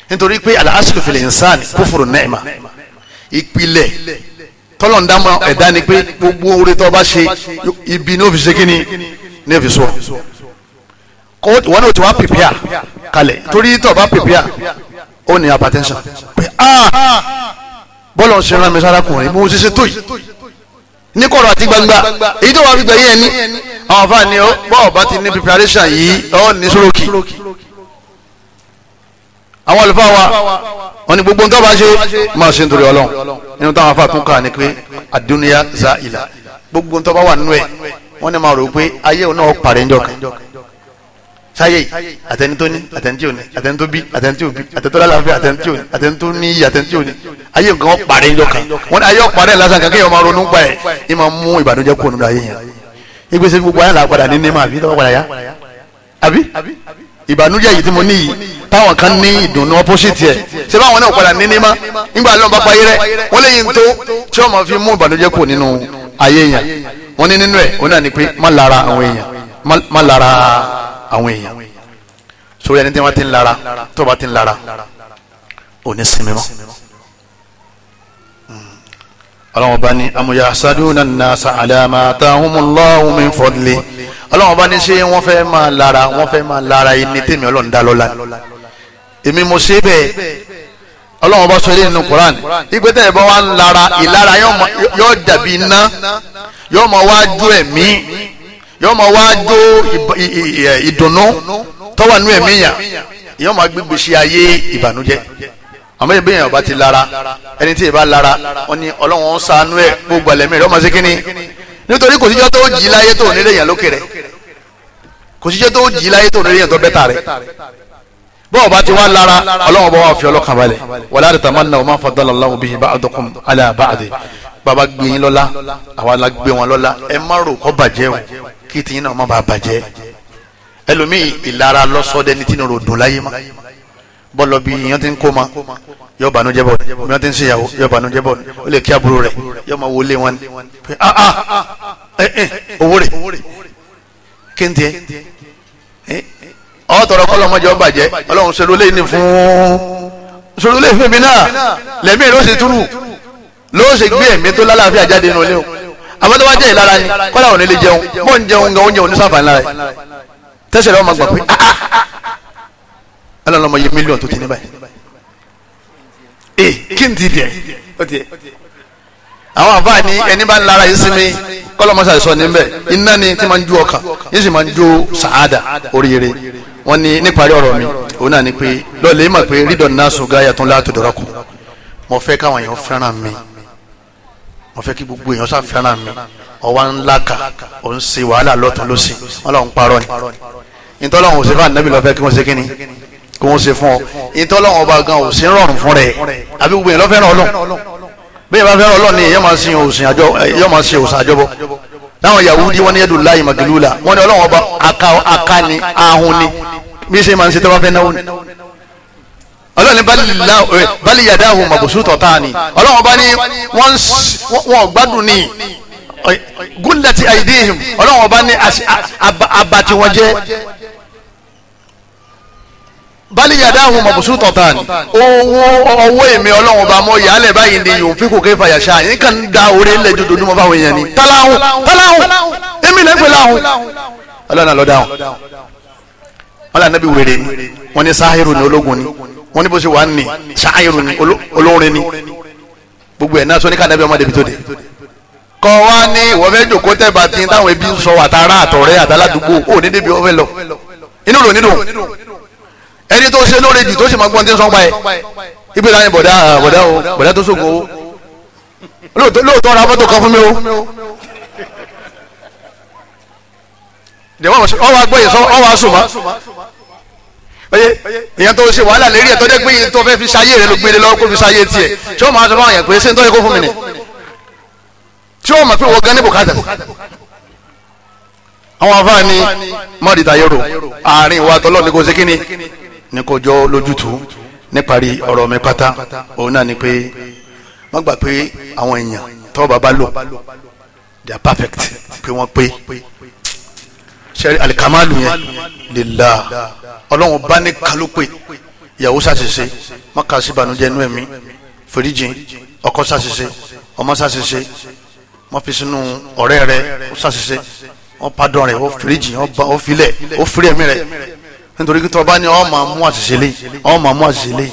nítorí pé al-aslu fil-insan kufru ni'ma ìpìlẹ̀ tọ́lọ̀ ń dámọ̀ ẹ̀dá ni pé gbogbo oore tó bá ṣe ibi ní òfìsè kí ni ní òfìsè wọn ò ti wá pèpìà kalẹ̀ torí tó bá pèpìà ó ní hypertension pé ah bọ́ọ̀lù ọ̀sẹ̀ rán mi sára kùnrin mo ṣe ṣe tó yìí ní kọ̀rọ̀ àti gbangba èyí tó wà fi gbẹ̀yìn ẹni àwọn afa ni bọ́ọ̀ bá ti ní preparation yìí ọ̀ ní sórókì àwọn àlùfáà wa wọn ni gbogbo nǹkan bá ṣe máa ṣe nítorí ọlọ́run nínú táwọn afa tún kà ní pé àdúnyá za ìlà gbogbo nǹkan bá wà nínú ẹ̀ wọ́n ní máa rò pé ayé òun náà parí njọ́ kan sáyé àtẹnitóní àtẹnitóní àtẹnitóbí àtẹnitóbí àtẹnitóláláfẹ́ àtẹnitóní àtẹnitóníyì àtẹnitóní ayé nǹkan parẹ́ ńjọ kan wọn ni ayé ọ̀parẹ́ lásán kan kéèyàn máa ronú pa ẹ̀ ẹ máa mú ìbànújẹ́ kó nínú ayé yẹn ìgbésẹ̀ gbogbo ayé làpadà ní nímọ̀ àbí tọ́wọ́ padà yá àbí ìbànújẹ́ yìí tí mo ní yìí táwọn kan ní ìdùnnú opposite ẹ̀ ṣé báwọn náà padà ní nímọ̀ nígbà lọ́nà bá payé rẹ̀ wọ́n léyìn tó tí wọ́n máa fi mú ìbànújẹ́ kó nínú ayé yẹn wọ́n ní nínú ẹ̀ wọ́n náà ní pé má lára àwọn èèyàn má lára àwọn èèyàn sórí ẹni tí wọ́n ti ń lára tó bá ti ń lára ò sinmi mọ́ ọlọ́run bá ní amúyá sadúnà nàṣà àlàmà àtàhùnmùláhùn mi fọdùlé ọlọ́run bá ní ṣé wọ́n fẹ́ máa lára wọ́n fẹ́ máa lára ẹni tèmi ọlọ́run dá lọ́la èmi mo ṣe bẹ́ẹ̀ ọlọ́run bá sọ ilé nínú Quran ìgbé tẹ̀ bá wà ń lára ìlara yóò dàbí iná yóò mọ wá jó ẹ̀mí yóò mọ wá jó ìdùnnú tọ́wọ́ nú ẹ̀mí yàn yóò mọ gbégbèsè ayé ìbànújẹ́ àmọ́ ìbí yẹn ọba ti lára ẹni tí ìbá lára wọn ni ọlọ́run ṣàánú ẹ̀ gbogbo ẹlẹ́mì rẹ̀ ọmọ sí kínní nítorí kò síjọ́ tó jì láyé tó nílé yẹn lókè rẹ̀ kò síjọ́ tó jì láyé tó nílé yẹn tó bẹ́tà rẹ̀ bọ́ọ̀ bá ti wá lára ọlọ́run bá wà fi ọlọ́kàn balẹ̀ wala tatamannaw ma faddala Allahu bihi ba'dakum ala ba'd bàbá gbé yín lọ́lá àwa la gbé wọn lọ́lá ẹ má rò kó bọ́lọ̀ bí yẹn ti ń kó ma yọ bànújẹ́ bọ̀ bí wọ́n ti ń ṣèyàwó yọ bànújẹ́ bọ̀ ó lè kí àbúrò rẹ̀ yọ máa wọlé wọn pé ah, ah ah Eh eh. owó rẹ̀ kéńtì ẹ ọ tọrọ kọ́ lọ́mọdé ọba jẹ́ ọlọ́run ṣe lólé ní fún ṣòro lè fún mi náà lẹ́mí ló ṣe túrù ló ṣe gbé ẹ̀mí tó lálàáfíà jáde nínú ilé o àmọ́ tó bá jẹ́ ìlara ni kọ́lá òní lè jẹun mọ́ ń jẹun gan oúnjẹ oníṣàfà ńlára tẹ́sẹ̀ lọ́mọ gbà pé ah, ah, alọ́lọ́mọ yẹ mílíọ̀n tó ti ní báyìí ee eh, kí n ti dẹ̀ ó ti yẹ àwọn àbá ni ẹni bá ń lara yìí sinmi kọlọmọsà sọ níbẹ̀ iná ni tí máa ń ju ọkàn yìí sì máa ń ju sàádà oríire wọn ni níparí ọ̀rọ̀ mi òun náà ni pé lọ́ọ̀lẹ́ mà pé rídọ̀ náà sùn gáyà tó ń láti dọ̀rọ̀ kù mo fẹ́ káwọn èèyàn fẹ́ràn mi mo fẹ́ kí gbogbo èèyàn sá fẹ́ràn mi ọwọ́ ńlá kà ó ń ṣe wàhálà lọ́tún lọ́sìn wọn parọ́ ni nítorí àwọn òṣèlú ànábì lọ́fẹ́ kí wọ́n ṣe kí ni kó ń ṣe fún ọ ìtọ́lọ́wọ́n ọba gan òsín rọrùn fún rẹ àbí gbogbo yẹn lọ́ fẹ́ràn ọlọ́ bẹ́ẹ̀ bá fẹ́ràn ọlọ́ ni èyàn máa sin òsìn àjọ èyàn máa sin òsìn àjọbọ táwọn Yahudi wọn ní yadu láyé màgìlúlà wọn ní ọlọ́wọ́n ọba aka aka ni ahun ni bí ṣe máa ń ṣe tó bá fẹ́ náwó ni ọlọ́ni bali yàda ahun màbùsù tọ̀tà ni ọlọ́wọ́n bá ní wọ́n gbádùn ni gúnlẹ̀ ti àìdíhìn ọlọ́wọ́n bá ní abatiwọn bali yadahu mabsuutatan owó ọwọ́ èmi ọlọ́run ọba mọ ìyálẹ̀ báyìí ni yòó fi kò kéfà yàṣà yìí kàn da orí ńlẹ̀ jòjò ní mo bá wọ̀nyẹn ni taláhùn taláhùn èmi lẹ́gbẹ̀ẹ́ láhùn ọlọ́run àlọ́ dáhùn wọn lànà bí wèrè ni wọn ní sáhírù ni ológun ni wọn ní bó ṣe wà ní sáhírù ni olórin ni gbogbo ẹ̀ náà sọ ní ká nàbí ọmọdé bi tó dé kọ́ wa ní ìwọ́fẹ́ jòkó tẹ́ bàtí táwọn ẹbí ń sọ àtàrà àtọ̀rẹ́ àtàládùúgbò ò ní débi ọfẹ́ lọ inú rò nídùn ẹni tó ṣe lóore jù tó sì máa gbọ́n tí ń sọ́n pa ẹ̀ ibi láyé bọ̀dá ah, bọ̀dá o bọ̀dá tó ṣògo o lóòótọ́ ra mọ́tò kan fún mi o jẹ̀wọ́n ọ wa gbọ́yè sọ ọ wa sùn ma oye èèyàn tó ṣe wàhálà lérí ẹ̀ tó jẹ́ pé tó fẹ́ fi ṣayé rẹ ló gbére lọ́wọ́ kó fi ṣayé tiẹ̀ tí ó máa sọ fún yẹn pé ṣé ń tọ́jú kó fún mi ni tí ó mọ̀ pé wọ́n gan ní bùkátà àwọn afáàní mọ́ọ̀dì tayoro àárín ìwà tọ́lọ́ ni kò ṣe kí ni ní kọjọ́ lójútùú níparí ọ̀rọ̀ mi pátá òun náà ni pé má gbà pé àwọn èèyàn tó bá lò they are perfect pé wọ́n pé sẹ́rí alikamalu yẹn lillah ọlọ́run bá ní kálópè ìyàwó sàṣìṣe mọ́kà sí ìbànújẹ́ inú ẹ̀mí fèrèjìn ọkọ sàṣìṣe ọmọ sàṣìṣe wọ́n fi sínú ọ̀rẹ́ rẹ̀ ó sàṣìṣe wọ́n padọ̀ rẹ̀ ó fèrèjìn ó filẹ̀ ó fírí ẹ̀mí rẹ̀ nítorí pé tọba ni ọ máa mú àṣìṣe lé ọ máa mú àṣìṣe lé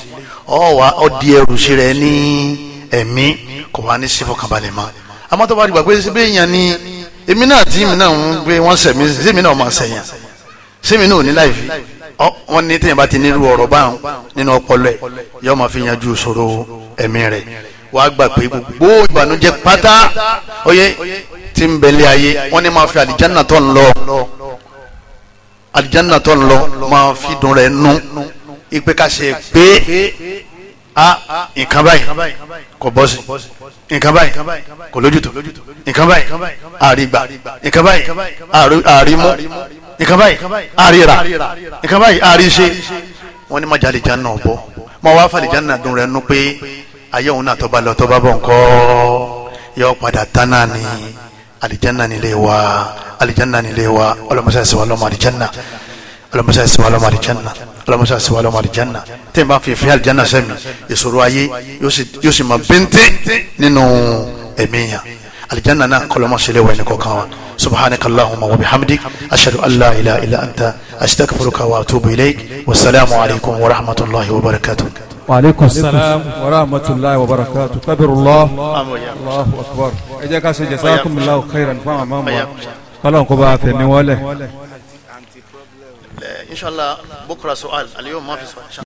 ọ wà ọ di ẹrù sí rẹ ní ẹ̀mí kò wá ní sífọ kàbalẹ̀ mọ́ àmọ́ tọba rí gbàgbé síbẹ̀ èèyàn ni èmi náà tí èmi náà ń gbé wọ́n sẹ̀mí sẹ́mi náà máa sẹ̀yàn sẹ́mi náà ò ní láì fi wọ́n ní tẹ̀yìn bá ti nílùú ọ̀rọ̀ báwọn nínú ọpọlọ ẹ̀ yọ máa fi yanjú ìṣòro ẹ̀mí rẹ̀ wàá gbà pé gbogbo ìbànújẹ́ pátá oyè tí ń bẹ̀lẹ̀ ayé wọ́n ní máa fi àlìjánà tó ń alijanna tó ń lọ máa fi dùn rẹ̀ nú ipe ká ṣe pé a nǹkan báyìí kò bọ́ sí nǹkan báyìí kò lójútó nǹkan báyìí àrígbà nǹkan báyìí àrímú nǹkan báyìí àríra nǹkan báyìí àríṣe wọ́n ní má jalè janna ọ̀bọ mọ wá falè dùn rẹ̀ nú pé ayé òun náà tó lọ tó bá bọ̀ yọ padà tán ni alijanna nílé wa alijanna nílé wa ọlọmọṣẹ ṣe wa lọmọ alijanna ọlọmọṣẹ ṣe wa lọmọ alijanna ọlọmọṣẹ ṣe wa lọmọ alijanna tẹ́ ẹ bá fi fi alijanna sẹ́mi ìṣòro ayé yóò sì máa bẹ́ńtẹ́ nínú ẹ̀mí yàn alijanna náà kọlọmọṣẹ lé wa ẹni kọ̀ọ̀kan wa subhanakallahumma wa bihamdik ashhadu an la ilaha illa anta astaghfiruka wa atubu ilaik wassalamu alaikum wa rahmatullahi wa barakatuh وعليكم السلام ورحمة الله وبركاته كبر الله الله أكبر ẹ jẹ́ ká ṣe jazakumullahu khairan fún àwọn mọ́mọ́ ọlọ́run kó bá a fẹ̀ níwọ́lẹ̀. inshallah bukra su'al aliyu